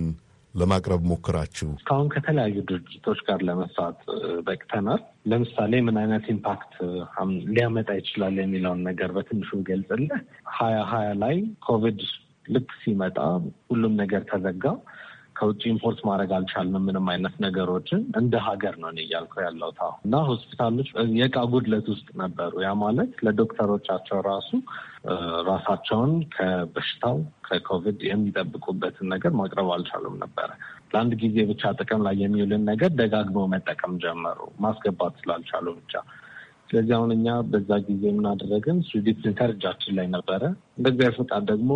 ለማቅረብ ሞክራችሁ? እስካሁን ከተለያዩ ድርጅቶች
ጋር ለመስራት በቅተናል። ለምሳሌ ምን አይነት ኢምፓክት ሊያመጣ ይችላል የሚለውን ነገር በትንሹ ገልጽልህ። ሀያ ሀያ ላይ ኮቪድ ልክ ሲመጣ ሁሉም ነገር ተዘጋ። ከውጭ ኢምፖርት ማድረግ አልቻልንም። ምንም አይነት ነገሮችን እንደ ሀገር ነው እኔ እያልኩ ያለው ታሁ እና ሆስፒታሎች የእቃ ጉድለት ውስጥ ነበሩ። ያ ማለት ለዶክተሮቻቸው ራሱ ራሳቸውን ከበሽታው ከኮቪድ የሚጠብቁበትን ነገር ማቅረብ አልቻሉም ነበረ። ለአንድ ጊዜ ብቻ ጥቅም ላይ የሚውልን ነገር ደጋግመው መጠቀም ጀመሩ፣ ማስገባት ስላልቻሉ ብቻ። ስለዚህ አሁን እኛ በዛ ጊዜ የምናደረግን ስዊዲ ፕሪንተር እጃችን ላይ ነበረ። እንደዚያ ፈቃድ ደግሞ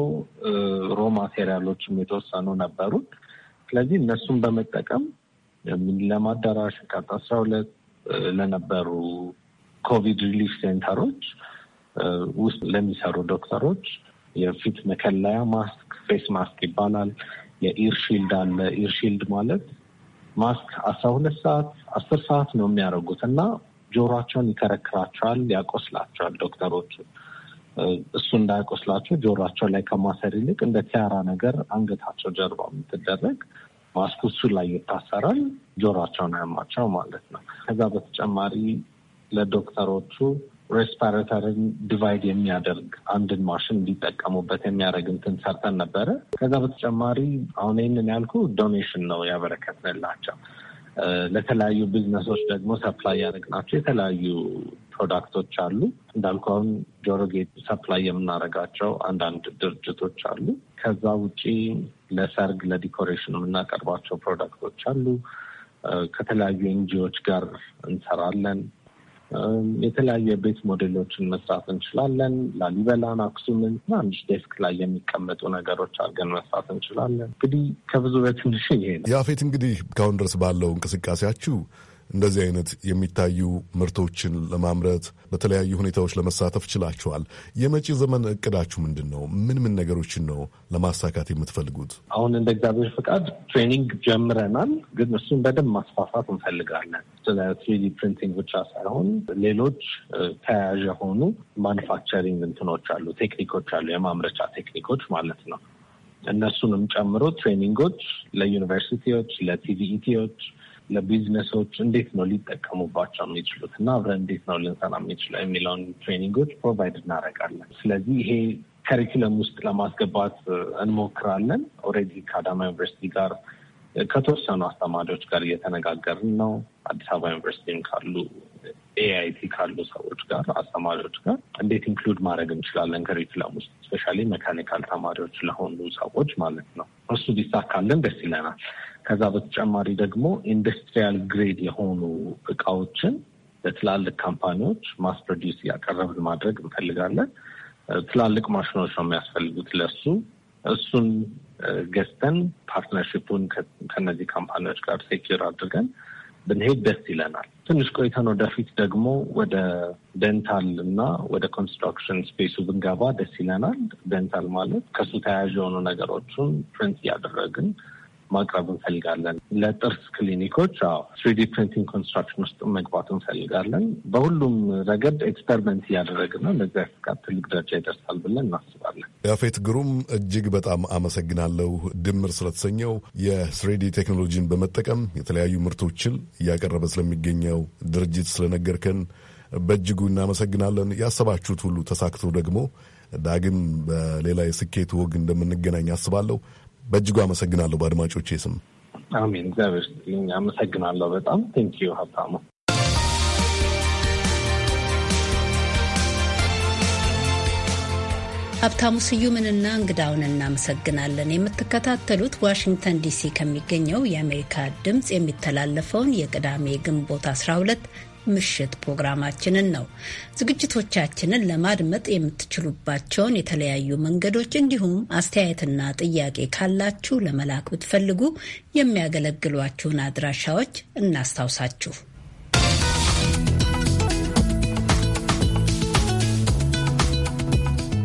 ሮማ ሴሪያሎችም የተወሰኑ ነበሩት። ስለዚህ እነሱን በመጠቀም ለማዳራሽ ቃጥ አስራ ሁለት ለነበሩ ኮቪድ ሪሊፍ ሴንተሮች ውስጥ ለሚሰሩ ዶክተሮች የፊት መከለያ ማስክ ፌስ ማስክ ይባላል። የኢርሺልድ አለ። ኢርሺልድ ማለት ማስክ አስራ ሁለት ሰዓት አስር ሰዓት ነው የሚያደርጉት እና ጆሯቸውን ይከረክራቸዋል፣ ያቆስላቸዋል ዶክተሮቹ እሱ እንዳይቆስላቸው ጆሯቸው ላይ ከማሰር ይልቅ እንደ ቲያራ ነገር አንገታቸው ጀርባ የምትደረግ ማስኩ እሱ ላይ ይታሰራል። ጆሯቸውን አያማቸው ማለት ነው። ከዛ በተጨማሪ ለዶክተሮቹ ሬስፓሬተርን ዲቫይድ የሚያደርግ አንድን ማሽን እንዲጠቀሙበት የሚያደርግ እንትን ሰርተን ነበረ። ከዛ በተጨማሪ አሁን ይህንን ያልኩ ዶኔሽን ነው ያበረከትንላቸው። ለተለያዩ ቢዝነሶች ደግሞ ሰፕላይ ያደረግናቸው የተለያዩ ፕሮዳክቶች አሉ። እንዳልኩ አሁን ጆሮ ጌጥ ሰፕላይ የምናደርጋቸው አንዳንድ ድርጅቶች አሉ። ከዛ ውጪ ለሰርግ ለዲኮሬሽን የምናቀርባቸው ፕሮዳክቶች አሉ። ከተለያዩ ኤንጂዎች ጋር እንሰራለን። የተለያዩ የቤት ሞዴሎችን መስራት እንችላለን። ላሊበላን፣ አክሱምን ትናንሽ ዴስክ ላይ የሚቀመጡ ነገሮች አድርገን መስራት እንችላለን።
እንግዲህ ከብዙ በትንሽ ይሄ ነው። ያፌት፣ እንግዲህ እስካሁን ድረስ ባለው እንቅስቃሴያችሁ እንደዚህ አይነት የሚታዩ ምርቶችን ለማምረት በተለያዩ ሁኔታዎች ለመሳተፍ ችላችኋል። የመጪ ዘመን እቅዳችሁ ምንድን ነው? ምን ምን ነገሮችን ነው ለማሳካት የምትፈልጉት?
አሁን እንደ እግዚአብሔር ፈቃድ ትሬኒንግ ጀምረናል፣ ግን እሱን በደንብ ማስፋፋት እንፈልጋለን። ስለ ትሪዲ ፕሪንቲንግ ብቻ ሳይሆን ሌሎች ተያያዥ የሆኑ ማኑፋክቸሪንግ እንትኖች አሉ፣ ቴክኒኮች አሉ፣ የማምረቻ ቴክኒኮች ማለት ነው። እነሱንም ጨምሮ ትሬኒንጎች ለዩኒቨርሲቲዎች፣ ለቲቪኢቲዎች ለቢዝነሶች እንዴት ነው ሊጠቀሙባቸው የሚችሉት እና አብረን እንዴት ነው ልንሰራ የሚችለው የሚለውን ትሬኒንጎች ፕሮቫይድ እናደርጋለን። ስለዚህ ይሄ ከሪኩለም ውስጥ ለማስገባት እንሞክራለን። ኦልሬዲ ከአዳማ ዩኒቨርሲቲ ጋር ከተወሰኑ አስተማሪዎች ጋር እየተነጋገርን ነው። አዲስ አበባ ዩኒቨርሲቲም ካሉ ኤአይቲ ካሉ ሰዎች ጋር አስተማሪዎች ጋር እንዴት ኢንክሉድ ማድረግ እንችላለን ከሪኩለም ውስጥ ስፔሻሊ መካኒካል ተማሪዎች ለሆኑ ሰዎች ማለት ነው። እሱ ቢሳካለን ደስ ይለናል። ከዛ በተጨማሪ ደግሞ ኢንዱስትሪያል ግሬድ የሆኑ እቃዎችን ለትላልቅ ካምፓኒዎች ማስ ፕሮዲስ እያቀረብን ማድረግ እንፈልጋለን። ትላልቅ ማሽኖች ነው የሚያስፈልጉት ለሱ። እሱን ገዝተን ፓርትነርሽፑን ከነዚህ ካምፓኒዎች ጋር ሴኪር አድርገን ብንሄድ ደስ ይለናል። ትንሽ ቆይተን ወደፊት ደግሞ ወደ ደንታል እና ወደ ኮንስትራክሽን ስፔሱ ብንገባ ደስ ይለናል። ደንታል ማለት ከሱ ተያያዥ የሆኑ ነገሮችን ፕሪንት እያደረግን ማቅረብ እንፈልጋለን። ለጥርስ ክሊኒኮች ትሪዲ ፕሪንቲንግ ኮንስትራክሽን ውስጥ መግባት እንፈልጋለን። በሁሉም ረገድ ኤክስፐሪመንት እያደረግ
ነው። ለዚያ ፍቃድ ትልቅ ደረጃ ይደርሳል ብለን እናስባለን። ያፌት ግሩም፣ እጅግ በጣም አመሰግናለሁ። ድምር ስለተሰኘው የስሬዲ ቴክኖሎጂን በመጠቀም የተለያዩ ምርቶችን እያቀረበ ስለሚገኘው ድርጅት ስለነገርከን በእጅጉ እናመሰግናለን። ያሰባችሁት ሁሉ ተሳክቶ ደግሞ ዳግም በሌላ የስኬት ወግ እንደምንገናኝ አስባለሁ። በእጅጉ አመሰግናለሁ በአድማጮቼ ስም።
አሜን። እግዚአብሔር ይስጥልኝ። አመሰግናለሁ በጣም ቴንኪዩ ሀብታሙ።
ሀብታሙ ስዩምንና እንግዳውን እናመሰግናለን። የምትከታተሉት ዋሽንግተን ዲሲ ከሚገኘው የአሜሪካ ድምፅ የሚተላለፈውን የቅዳሜ ግንቦት 12 ምሽት ፕሮግራማችንን ነው። ዝግጅቶቻችንን ለማድመጥ የምትችሉባቸውን የተለያዩ መንገዶች እንዲሁም አስተያየትና ጥያቄ ካላችሁ ለመላክ ብትፈልጉ የሚያገለግሏችሁን አድራሻዎች እናስታውሳችሁ።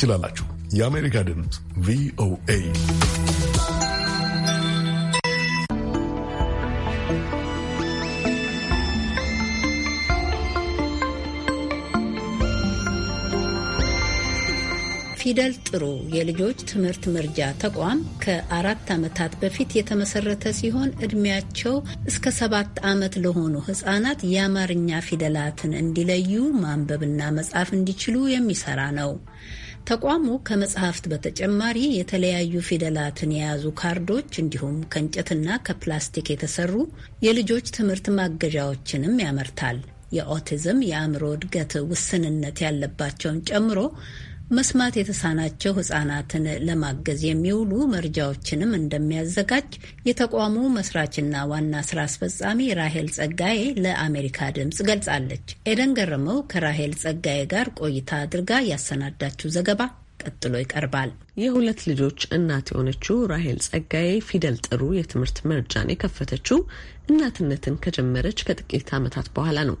ትችላላችሁ። የአሜሪካ ድምፅ ቪኦኤ
ፊደል ጥሩ የልጆች ትምህርት መርጃ ተቋም ከአራት ዓመታት በፊት የተመሰረተ ሲሆን እድሜያቸው እስከ ሰባት ዓመት ለሆኑ ሕጻናት የአማርኛ ፊደላትን እንዲለዩ ማንበብና መጻፍ እንዲችሉ የሚሰራ ነው። ተቋሙ ከመጽሐፍት በተጨማሪ የተለያዩ ፊደላትን የያዙ ካርዶች እንዲሁም ከእንጨትና ከፕላስቲክ የተሰሩ የልጆች ትምህርት ማገዣዎችንም ያመርታል። የኦቲዝም የአእምሮ እድገት ውስንነት ያለባቸውን ጨምሮ መስማት የተሳናቸው ህጻናትን ለማገዝ የሚውሉ መርጃዎችንም እንደሚያዘጋጅ የተቋሙ መስራችና ዋና ስራ አስፈጻሚ ራሄል ጸጋዬ ለአሜሪካ ድምፅ ገልጻለች። ኤደን ገረመው ከራሄል ጸጋዬ ጋር ቆይታ አድርጋ ያሰናዳችው ዘገባ ቀጥሎ ይቀርባል። የሁለት ልጆች
እናት የሆነችው ራሄል ጸጋዬ ፊደል ጥሩ የትምህርት መርጃን የከፈተችው እናትነትን ከጀመረች ከጥቂት ዓመታት በኋላ ነው።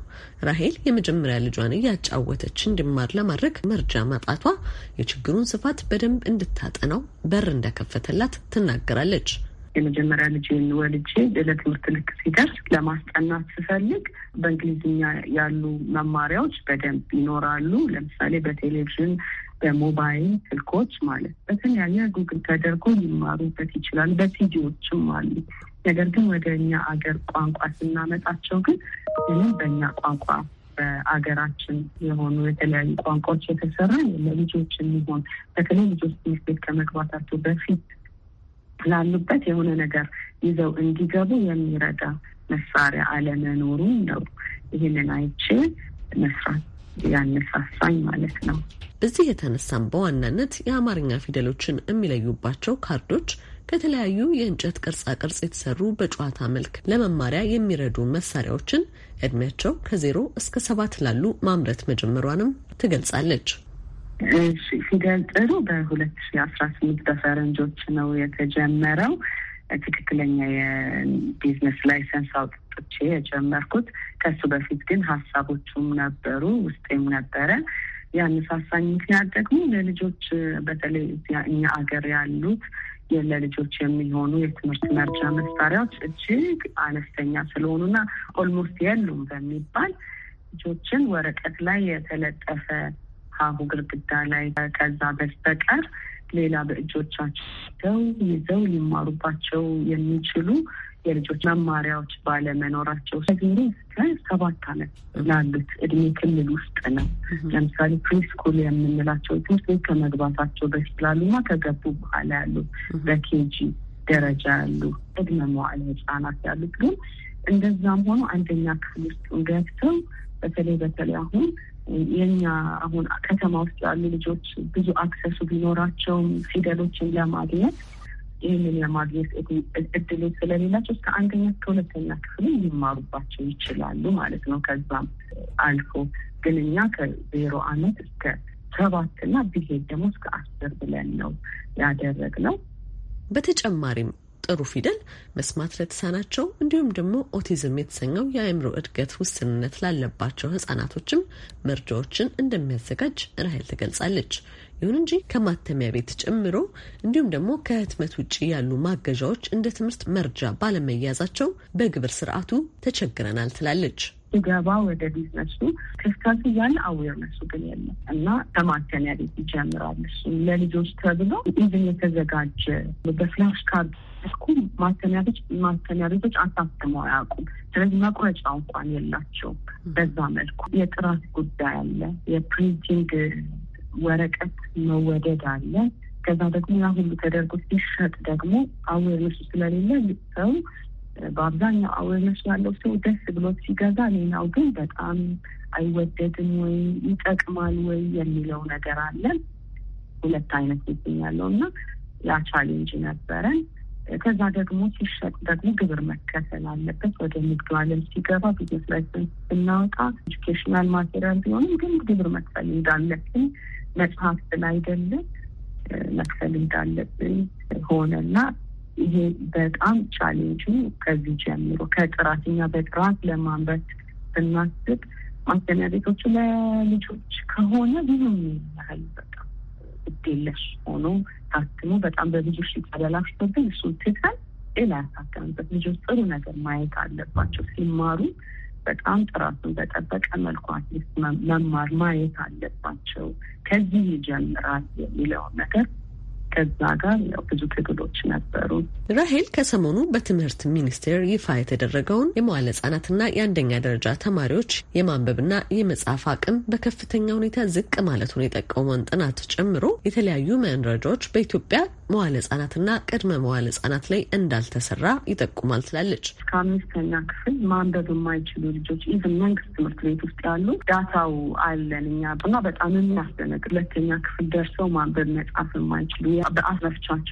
ራሄል የመጀመሪያ ልጇን እያጫወተች እንዲማር ለማድረግ መርጃ ማጣቷ የችግሩን ስፋት በደንብ እንድታጠናው በር እንደከፈተላት ትናገራለች። የመጀመሪያ ልጅን ወልጄ ለትምህርት ልክ ሲደርስ
ለማስጠናት ስፈልግ በእንግሊዝኛ ያሉ መማሪያዎች በደንብ ይኖራሉ። ለምሳሌ በቴሌቪዥን በሞባይል ስልኮች ማለት በተለያየ ጉግል ተደርጎ ሊማሩበት ይችላል። በሲዲዎችም አሉ። ነገር ግን ወደ እኛ አገር ቋንቋ ስናመጣቸው ግን ምንም በእኛ ቋንቋ በአገራችን የሆኑ የተለያዩ ቋንቋዎች የተሰራ ለልጆች የሚሆን በተለይ ልጆች ትምህርት ቤት ከመግባታቸው በፊት ላሉበት የሆነ ነገር ይዘው እንዲገቡ የሚረዳ
መሳሪያ አለመኖሩ ነው። ይህንን አይቼ መስራት ያነሳሳኝ ማለት ነው። እዚህ የተነሳም በዋናነት የአማርኛ ፊደሎችን የሚለዩባቸው ካርዶች ከተለያዩ የእንጨት ቅርጻ ቅርጽ የተሰሩ በጨዋታ መልክ ለመማሪያ የሚረዱ መሳሪያዎችን እድሜያቸው ከዜሮ እስከ ሰባት ላሉ ማምረት መጀመሯንም ትገልጻለች። ፊደል ጥሩ በሁለት ሺ አስራ ስምንት በፈረንጆች
ነው የተጀመረው። ትክክለኛ የቢዝነስ ላይሰንስ አውጥ ወጥቼ የጀመርኩት። ከሱ በፊት ግን ሀሳቦቹም ነበሩ ውስጤም ነበረ። ያነሳሳኝ ምክንያት ደግሞ ለልጆች በተለይ እኛ አገር ያሉት ለልጆች የሚሆኑ የትምህርት መርጃ መሳሪያዎች እጅግ አነስተኛ ስለሆኑና ኦልሞስት የሉም በሚባል ልጆችን ወረቀት ላይ የተለጠፈ ሀሁ ግድግዳ ላይ ከዛ በስተቀር ሌላ በእጆቻቸው ይዘው ሊማሩባቸው የሚችሉ የልጆች መማሪያዎች ባለመኖራቸው ከዜሮ እስከ ሰባት ዓመት ላሉት እድሜ ክልል ውስጥ ነው። ለምሳሌ ፕሪስኩል የምንላቸው ትምህርት ቤት ከመግባታቸው በፊት ላሉ እና ከገቡ በኋላ ያሉ በኬጂ ደረጃ ያሉ እድመ መዋዕለ ህጻናት ያሉት ግን እንደዛም ሆኖ አንደኛ ክፍል ውስጥ ገብተው በተለይ በተለይ አሁን የኛ አሁን ከተማ ውስጥ ያሉ ልጆች ብዙ አክሰሱ ቢኖራቸውም ፊደሎችን ለማግኘት ይህንን የማግኘት እድሎች ስለሌላቸው እስከ አንደኛ እስከ ሁለተኛ ክፍል ሊማሩባቸው ይችላሉ ማለት ነው። ከዛም አልፎ ግን እኛ ከዜሮ
አመት እስከ ሰባት እና ቢሄድ ደግሞ እስከ አስር ብለን ነው ያደረግነው። በተጨማሪም ጥሩ ፊደል መስማት ለተሳናቸው እንዲሁም ደግሞ ኦቲዝም የተሰኘው የአእምሮ እድገት ውስንነት ላለባቸው ህጻናቶችም መርጃዎችን እንደሚያዘጋጅ ራሄል ትገልጻለች። ይሁን እንጂ ከማተሚያ ቤት ጨምሮ እንዲሁም ደግሞ ከህትመት ውጭ ያሉ ማገዣዎች እንደ ትምህርት መርጃ ባለመያዛቸው በግብር ስርዓቱ ተቸግረናል ትላለች። ሲገባ ወደ ቢዝነሱ ክፍተቱ ያለ አዌርነሱ
ግን የለም እና ከማተሚያ ቤት ይጀምራል። እሱ ለልጆች ተብሎ ኢቭን የተዘጋጀ በፍላሽ ካርድ ስኩም ማተሚያ ቤት ማተሚያ ቤቶች አሳትመው አያውቁም። ስለዚህ መቁረጫ እንኳን የላቸውም። በዛ መልኩ የጥራት ጉዳይ አለ። የፕሪንቲንግ ወረቀት መወደድ አለ። ከዛ ደግሞ ያ ሁሉ ተደርጎ ሲሸጥ ደግሞ አዌርነሱ ስለሌለ ሰው በአብዛኛው አዌርነሱ ያለው ሰው ደስ ብሎት ሲገዛ፣ ሌላው ግን በጣም አይወደድም ወይ ይጠቅማል ወይ የሚለው ነገር አለ። ሁለት አይነት ይገኛለው እና ያ ቻሌንጅ ነበረን። ከዛ ደግሞ ሲሸጥ ደግሞ ግብር መከፈል አለበት። ወደ ንግዱ ዓለም ሲገባ ቢዝነስ ላይ ስናወጣ ኤጁኬሽናል ማቴሪያል ቢሆንም ግን ግብር መክፈል እንዳለብን መጽሐፍት ላይ አይደለም መክፈል እንዳለብኝ ሆነና ይሄ በጣም ቻሌንጁ ከዚህ ጀምሮ ከጥራትኛ በጥራት ለማንበት ብናስብ ማተሚያ ቤቶቹ ለልጆች ከሆነ ብዙም ያህል በጣም ግዴለሽ ሆኖ ታትሞ በጣም በብዙ ሺ ተበላሽቶብን እሱን ትተን ሌላ ያሳከምበት ልጆች ጥሩ ነገር ማየት አለባቸው ሲማሩ በጣም ጥራቱን በጠበቀ መልኩ አትሊስት መማር ማየት አለባቸው። ከዚህ ይጀምራል የሚለውን ነገር ከዛ ጋር ያው
ብዙ ትግሎች ነበሩ። ራሄል ከሰሞኑ በትምህርት ሚኒስቴር ይፋ የተደረገውን የመዋለ ህጻናትና የአንደኛ ደረጃ ተማሪዎች የማንበብና የመጻፍ አቅም በከፍተኛ ሁኔታ ዝቅ ማለቱን የጠቀመውን ጥናት ጨምሮ የተለያዩ መረጃዎች በኢትዮጵያ መዋለ ህጻናትና ቅድመ መዋለ ህጻናት ላይ እንዳልተሰራ ይጠቁማል ትላለች። ከአምስተኛ ክፍል
ማንበብ የማይችሉ ልጆች ኢቭን መንግስት ትምህርት ቤት ውስጥ ያሉ ዳታው አለን እኛ እና በጣም የሚያስደነግጥ ሁለተኛ ክፍል ደርሰው ማንበብ መጻፍ የማይችሉ በአፍ ቋንቋ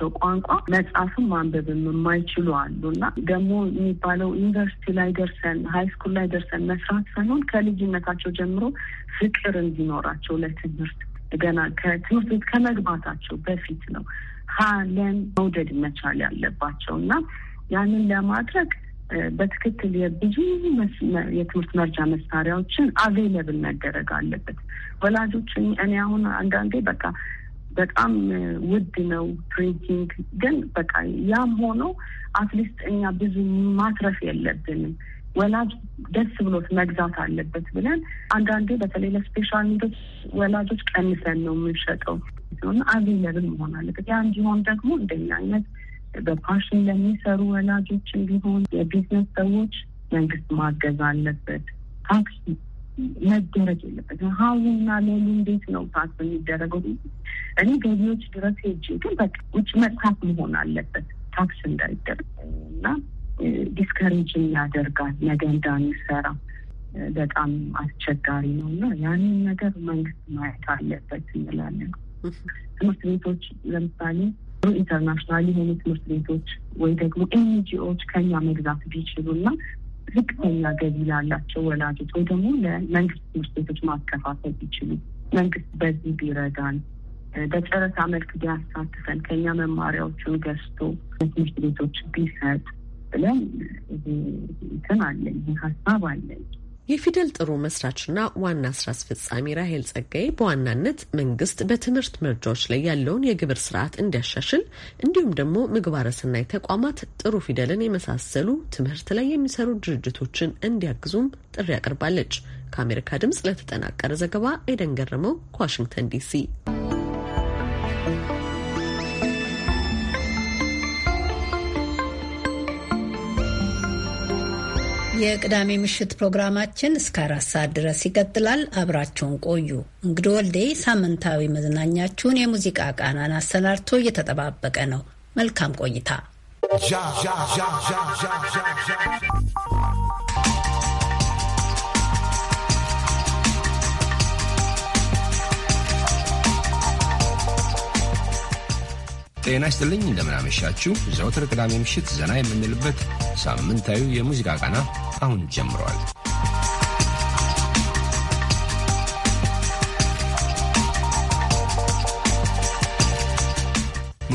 መጻፍም ማንበብም የማይችሉ አሉ እና ደግሞ የሚባለው ዩኒቨርሲቲ ላይ ደርሰን ሀይ ስኩል ላይ ደርሰን መስራት ሳይሆን ከልጅነታቸው ጀምሮ ፍቅር እንዲኖራቸው ለትምህርት ገና ከትምህርት ቤት ከመግባታቸው በፊት ነው ሀለን መውደድ መቻል ያለባቸው እና ያንን ለማድረግ በትክክል የብዙ የትምህርት መርጃ መሳሪያዎችን አቬለብል መደረግ አለበት። ወላጆች እኔ አሁን አንዳንዴ በቃ በጣም ውድ ነው ፕሪንቲንግ። ግን በቃ ያም ሆኖ አትሊስት እኛ ብዙ ማትረፍ የለብንም ወላጅ ደስ ብሎት መግዛት አለበት ብለን አንዳንዴ በተለይ ለስፔሻል ኒዶች ወላጆች ቀንሰን ነው የምንሸጠው እና አቬለብል መሆን አለበት። ያ እንዲሆን ደግሞ እንደኛ አይነት በፓሽን ለሚሰሩ ወላጆች እንዲሆን የቢዝነስ ሰዎች መንግስት ማገዝ አለበት ታክሲ መደረግ የለበትም። ሀውና ሌሉ እንዴት ነው ፓስ የሚደረገው? እኔ ገቢዎች ድረስ ሄጅ ግን በቃ ውጭ መጥፋት መሆን አለበት ታክስ እንዳይደረግ እና ዲስከሬጅ ያደርጋል ነገ እንዳንሰራ በጣም አስቸጋሪ ነው እና ያንን ነገር መንግስት ማየት አለበት እንላለን። ትምህርት ቤቶች ለምሳሌ ኢንተርናሽናል የሆኑ ትምህርት ቤቶች ወይ ደግሞ ኤንጂኦዎች ከኛ መግዛት ቢችሉ እና ዝቅተኛ ገቢ ላላቸው ወላጆች ወይ ደግሞ ለመንግስት ትምህርት ቤቶች ማከፋፈል ይችሉ። መንግስት በዚህ ቢረዳን በጨረታ መልክ ቢያሳትፈን ከኛ መማሪያዎቹን
ገዝቶ ለትምህርት ቤቶች ቢሰጥ ብለን እንትን ይህ ሀሳብ አለን። የፊደል ጥሩ መስራችና ዋና ስራ አስፈጻሚ ራሄል ጸጋይ በዋናነት መንግስት በትምህርት መርጃዎች ላይ ያለውን የግብር ስርዓት እንዲያሻሽል እንዲሁም ደግሞ ምግባረ ሰናይ ተቋማት ጥሩ ፊደልን የመሳሰሉ ትምህርት ላይ የሚሰሩ ድርጅቶችን እንዲያግዙም ጥሪ አቅርባለች። ከአሜሪካ ድምጽ ለተጠናቀረ ዘገባ ኤደን ገረመው ከዋሽንግተን ዲሲ
የቅዳሜ ምሽት ፕሮግራማችን እስከ አራት ሰዓት ድረስ ይቀጥላል። አብራችሁን ቆዩ። እንግዲ ወልዴ ሳምንታዊ መዝናኛችሁን የሙዚቃ ቃናን አሰናድቶ እየተጠባበቀ ነው። መልካም ቆይታ።
ጤና ይስጥልኝ። እንደምናመሻችሁ ዘወትር ቅዳሜ ምሽት ዘና የምንልበት ሳምንታዊ የሙዚቃ ቃና አሁን ጀምረዋል።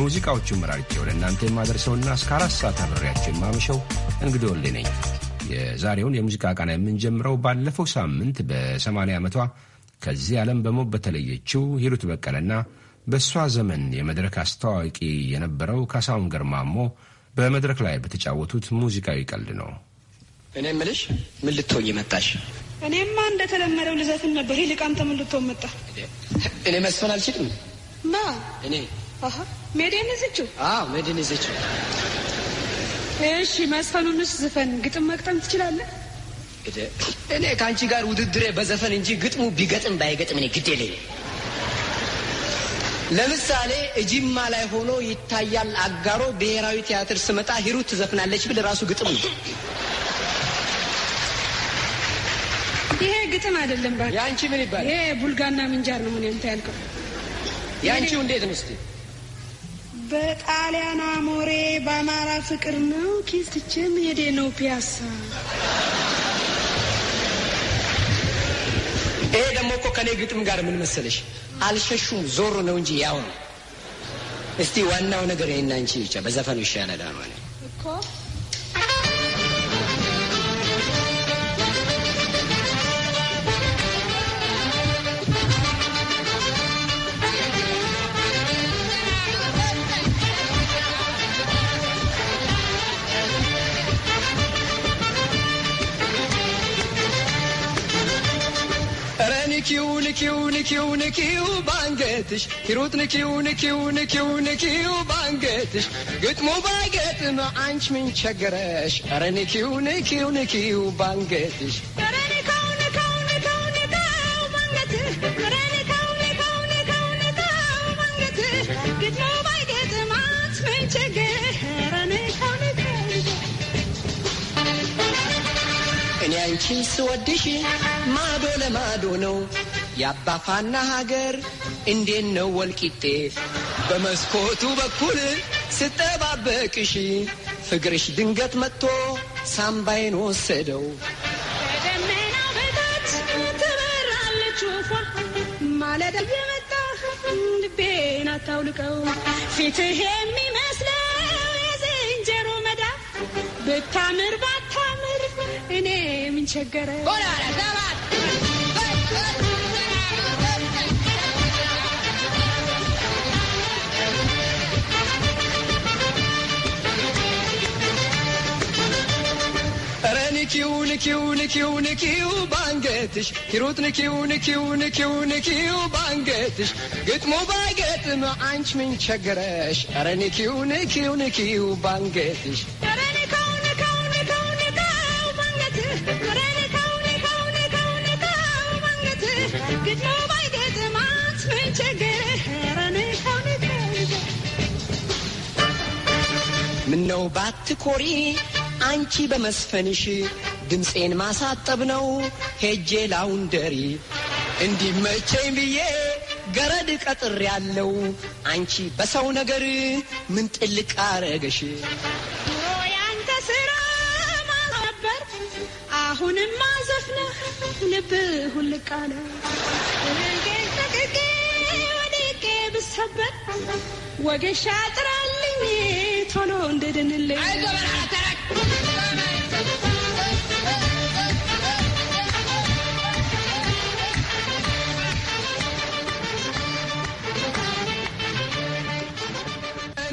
ሙዚቃዎቹን መራርጬ ወደ እናንተ የማደርሰውና እስከ አራት ሰዓት አብሬያቸው የማመሸው እንግዲህ ወሌ ነኝ። የዛሬውን የሙዚቃ ቃና የምንጀምረው ባለፈው ሳምንት በሰማንያ ዓመቷ ከዚህ ዓለም በሞት በተለየችው ሂሩት በቀለና በእሷ ዘመን የመድረክ አስተዋቂ የነበረው ካሳሁን ገርማሞ በመድረክ ላይ በተጫወቱት ሙዚቃዊ ቀልድ ነው። እኔ ምልሽ ምን ልትሆኝ መጣሽ?
እኔማ እንደተለመደው ልዘፍን ነበር። ይልቅ አንተ ምን ልትሆን መጣ? እኔ መስፈን አልችልም። ማ እኔ ሜዴን ይዘችው ሜዴን ይዘችው። እሺ መስፈኑንስ ዝፈን፣ ግጥም መቅጠም ትችላለህ? እኔ ከአንቺ ጋር ውድድሬ በዘፈን እንጂ ግጥሙ ቢገጥም ባይገጥም እኔ ግድ የለኝም። ለምሳሌ እጅማ ላይ ሆኖ ይታያል አጋሮ ብሔራዊ ቲያትር ስመጣ ሂሩት ትዘፍናለች ብል ራሱ ግጥም ነው። ይሄ ግጥም አይደለም። ባ የአንቺ ምን ይባላል? ይሄ ቡልጋና ምንጃር ነው። ምን ያልከው የአንቺው እንዴት ነው? እስቲ በጣሊያን አሞሬ በአማራ ፍቅር ነው ኪስ ትቼ መሄዴ ነው ፒያሳ ይሄ ደግሞ እኮ ከኔ ግጥም ጋር ምን መሰለሽ፣ አልሸሹም ዞር ነው እንጂ ያው ነው። እስቲ ዋናው ነገር ይህና እንቺ ብቻ በዘፈኑ ይሻላል እኮ ንኪው ንኪው ንኪው ንኪው ባንገትሽ ሂሩት ንኪው ንኪው ንኪው ንኪው ባንገትሽ ግጥሙ ባይገጥም አንቺ ምን ቸገረሽ? ኧረ ንኪው ንኪው ንኪው ባንገትሽ አንቺን ስወድሽ ማዶ ለማዶ ነው የአባፋና ሀገር እንዴት ነው ወልቂጤ በመስኮቱ በኩል ስጠባበቅሽ ፍቅርሽ ድንገት መጥቶ ሳምባዬን ወሰደው። ከደመናው
በታች ትበራለች ወፏ
ማለዳ የመጣ ልቤን አታውልቀው ፊትህ
የሚመስለው የዝንጀሮ መዳ ብታምር ባ
እኔ ምን ቸገረ? ንኪው ንኪው ንኪው ንኪው ባንገትሽ ኪሩት ንኪው ንኪው ንኪው ንኪው ባንገትሽ ግጥሞ ባይገጥም አንቺ ምን ቸገረሽ? ኧረ ንኪው ንኪው ንኪው ባንገትሽ ባት ባትኮሪ አንቺ በመስፈንሽ ድምፄን ማሳጠብ ነው ሄጄ ላውንደሪ እንዲመቸኝ ብዬ ገረድ ቀጥር ያለው አንቺ በሰው ነገር ምን ጥልቅ አረገሽ?
ያንተ ስራ ማዘበር፣ አሁንም ማዘፍነህ ልብ ሁልቅ አለ።
ጥራልኝ ሆኖ እንደደንለ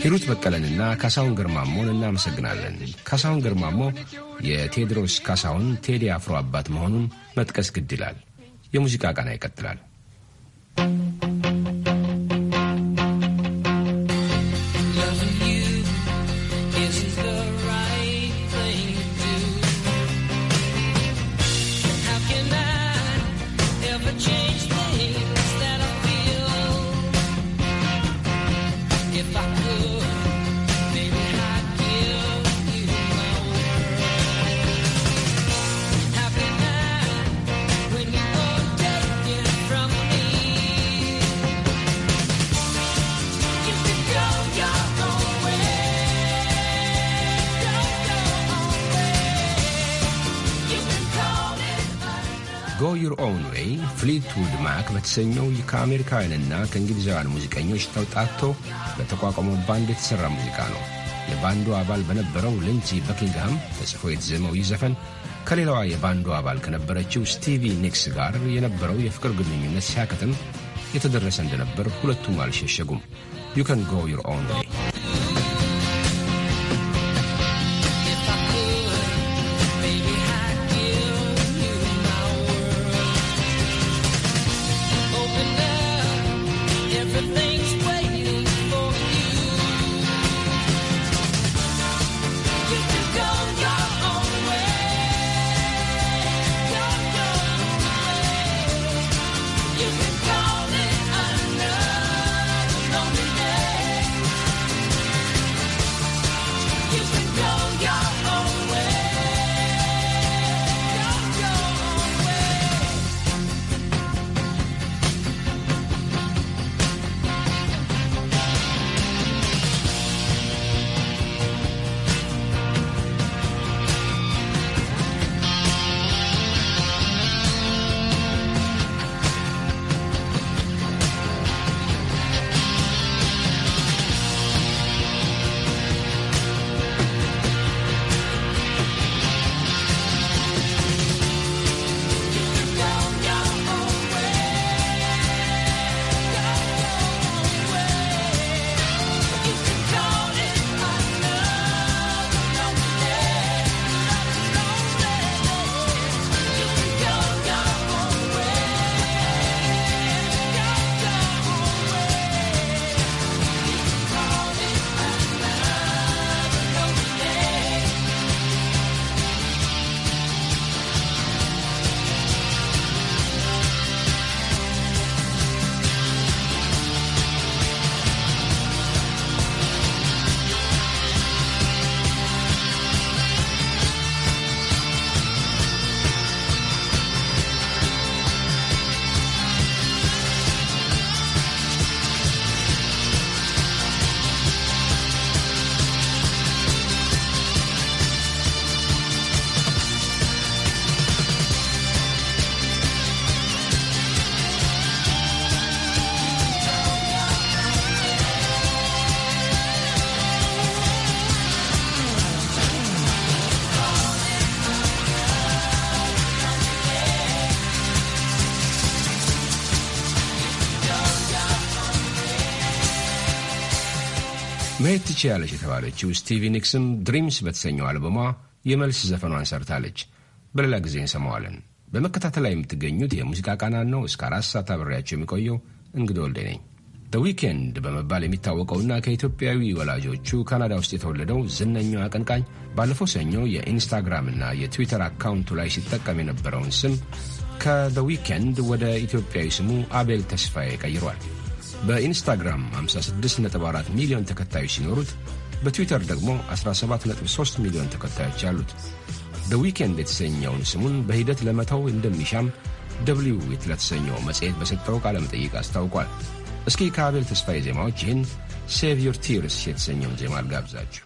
ሂሩት በቀለንና ካሳሁን ግርማሞን እናመሰግናለን። ካሳሁን ግርማሞ የቴዎድሮስ ካሳሁን ቴዲ አፍሮ አባት መሆኑን መጥቀስ ግድ ይላል። የሙዚቃ ቃና ይቀጥላል። የተሰኘው ከአሜሪካውያንና ከእንግሊዛውያን ሙዚቀኞች ተውጣቶ በተቋቋመው ባንድ የተሠራ ሙዚቃ ነው። የባንዱ አባል በነበረው ሊንዚ በኪንግሃም ተጽፎ የተዘመው ይህ ዘፈን ከሌላዋ የባንዱ አባል ከነበረችው ስቲቪ ኒክስ ጋር የነበረው የፍቅር ግንኙነት ሲያከትም የተደረሰ እንደነበር ሁለቱም አልሸሸጉም። ዩ ከን ጎ ዩር ኦን ዌይ things ትችያለች የተባለችው ስቲቪ ኒክስም ድሪምስ በተሰኘው አልበሟ የመልስ ዘፈኗን ሰርታለች። በሌላ ጊዜ እንሰማዋለን። በመከታተል ላይ የምትገኙት የሙዚቃ ቃናን ነው። እስከ አራት ሰዓት አብሬያቸው የሚቆየው እንግዳ ወልዴ ነኝ። ደ ዊኬንድ በመባል የሚታወቀውና ከኢትዮጵያዊ ወላጆቹ ካናዳ ውስጥ የተወለደው ዝነኛው አቀንቃኝ ባለፈው ሰኞ የኢንስታግራምና የትዊተር አካውንቱ ላይ ሲጠቀም የነበረውን ስም ከደ ዊኬንድ ወደ ኢትዮጵያዊ ስሙ አቤል ተስፋዬ ቀይሯል። በኢንስታግራም 56.4 ሚሊዮን ተከታዮች ሲኖሩት በትዊተር ደግሞ 17.3 ሚሊዮን ተከታዮች አሉት። በዊኬንድ የተሰኘውን ስሙን በሂደት ለመተው እንደሚሻም ደብሊው ዊት ለተሰኘው መጽሔት በሰጠው መጠይቅ አስታውቋል። እስኪ ከአቤል ተስፋዬ ዜማዎች ይህን ሴቭ ዮር ቲርስ የተሰኘውን ዜማ አልጋብዛችሁ።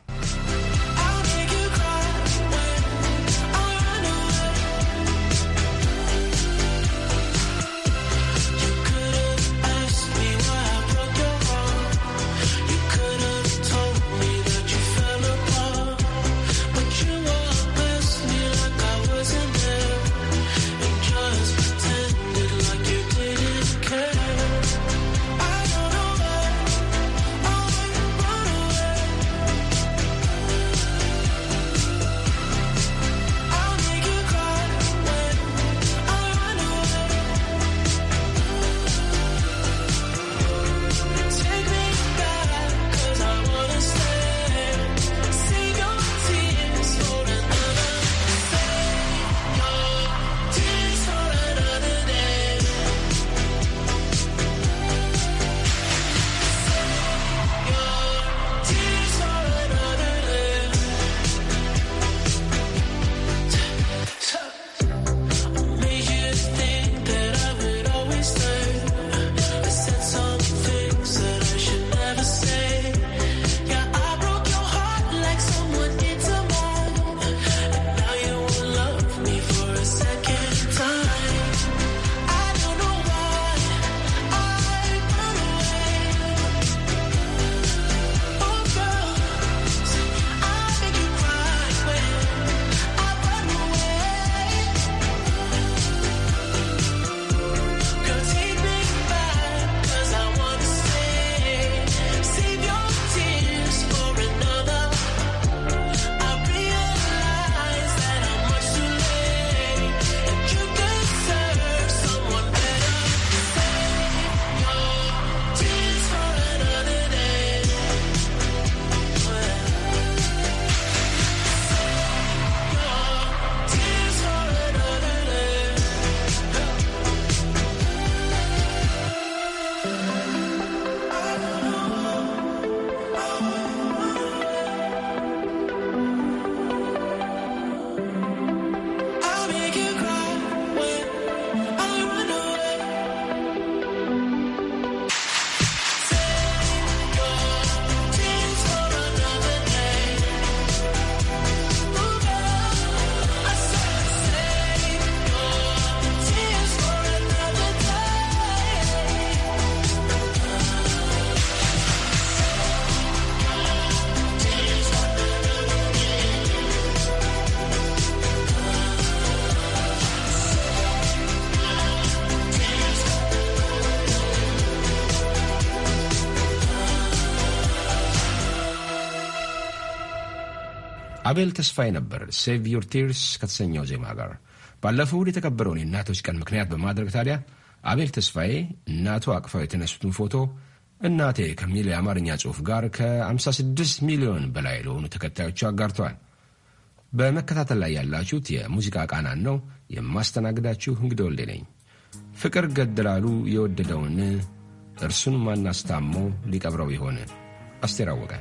አቤል ተስፋዬ ነበር ሴቭ ዩር ቲርስ ከተሰኘው ዜማ ጋር። ባለፈው እሁድ የተከበረውን የእናቶች ቀን ምክንያት በማድረግ ታዲያ አቤል ተስፋዬ እናቱ አቅፋው የተነሱትን ፎቶ እናቴ ከሚል የአማርኛ ጽሑፍ ጋር ከ56 ሚሊዮን በላይ ለሆኑ ተከታዮቹ አጋርተዋል። በመከታተል ላይ ያላችሁት የሙዚቃ ቃናን ነው። የማስተናግዳችሁ እንግዳ ወልዴ ነኝ። ፍቅር ገደላሉ የወደደውን እርሱን ማናስታሞ ሊቀብረው የሆነ አስቴር አወቀ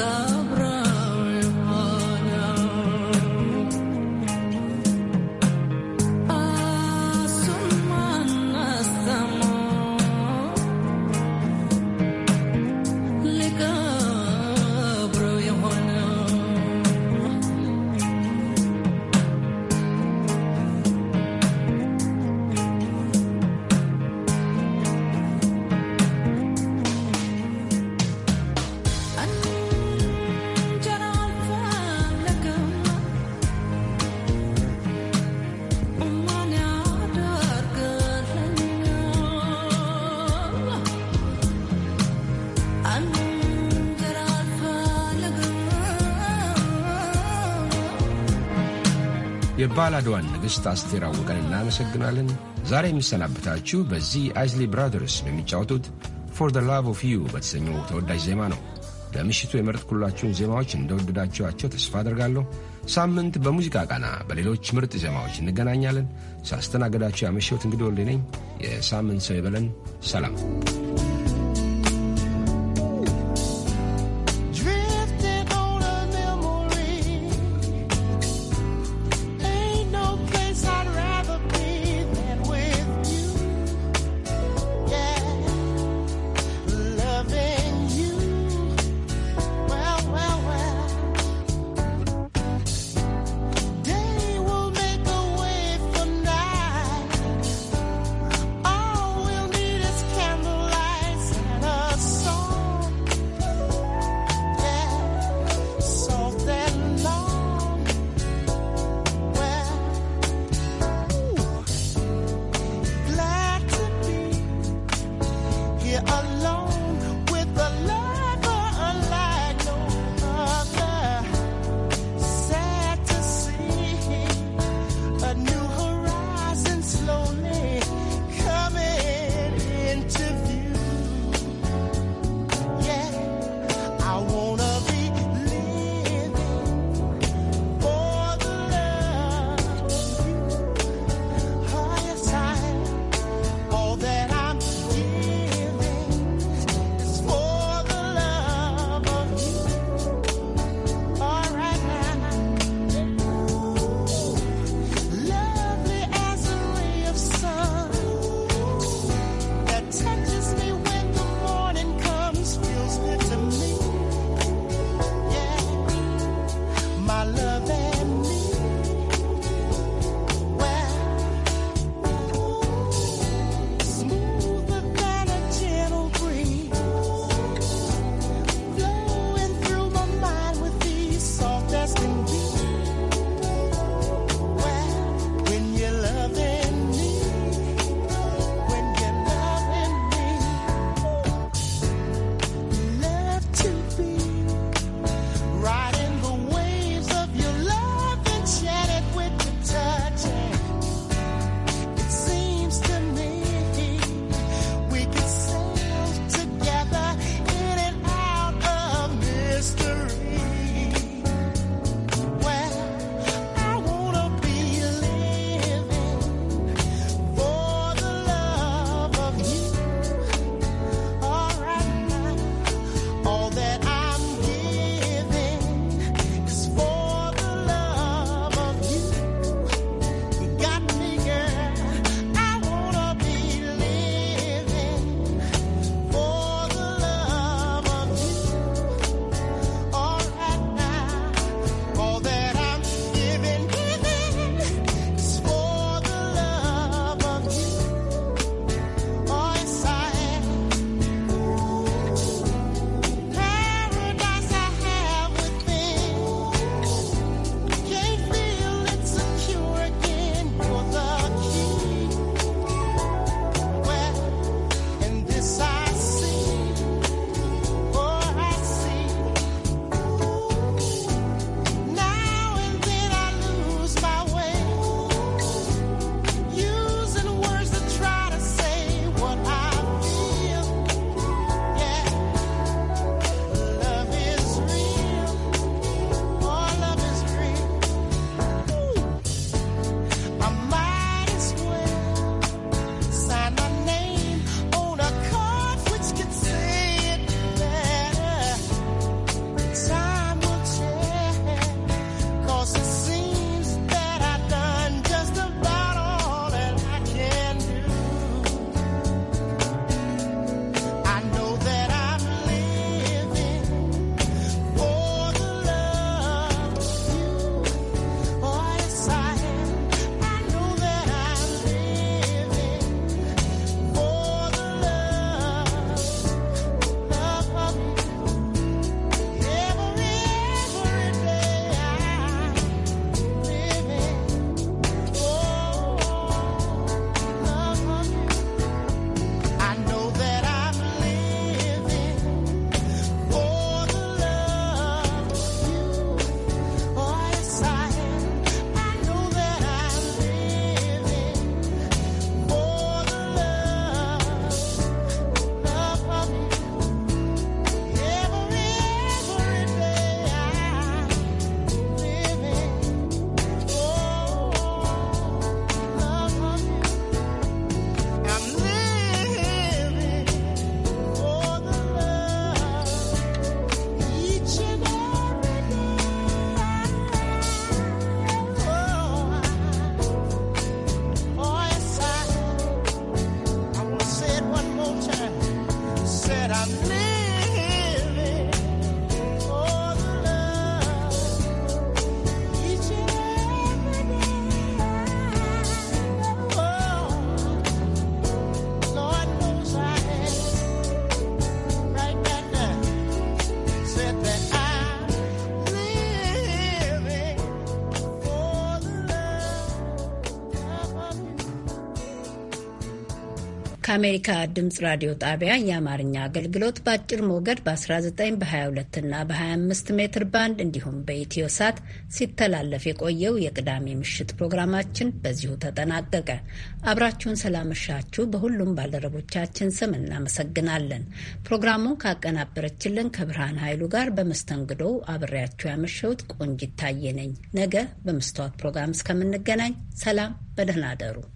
go. የባላድዋን ንግሥት አስቴር አወቀን እናመሰግናለን። ዛሬ የሚሰናበታችሁ በዚህ አይዝሊ ብራዘርስ በሚጫወቱት ፎር ደ ላቭ ኦፍ ዩ በተሰኘው ተወዳጅ ዜማ ነው። ለምሽቱ የመረጥኩላችሁን ዜማዎች እንደወደዳችኋቸው ተስፋ አድርጋለሁ። ሳምንት በሙዚቃ ቃና በሌሎች ምርጥ ዜማዎች እንገናኛለን። ሳስተናገዳችሁ ያመሸሁት እንግዲህ ወልዴ ነኝ። የሳምንት ሰው ይበለን። ሰላም
ከአሜሪካ ድምፅ ራዲዮ ጣቢያ የአማርኛ አገልግሎት በአጭር ሞገድ በ19 በ22 እና በ25 ሜትር ባንድ እንዲሁም በኢትዮ ሳት ሲተላለፍ የቆየው የቅዳሜ ምሽት ፕሮግራማችን በዚሁ ተጠናቀቀ። አብራችሁን ስላመሻችሁ በሁሉም ባልደረቦቻችን ስም እናመሰግናለን። ፕሮግራሙን ካቀናበረችልን ከብርሃን ኃይሉ ጋር በመስተንግዶ አብሬያችሁ ያመሸሁት ቆንጂት ታየ ነኝ። ነገ በመስተዋት ፕሮግራም እስከምንገናኝ ሰላም፣ በደህና አደሩ።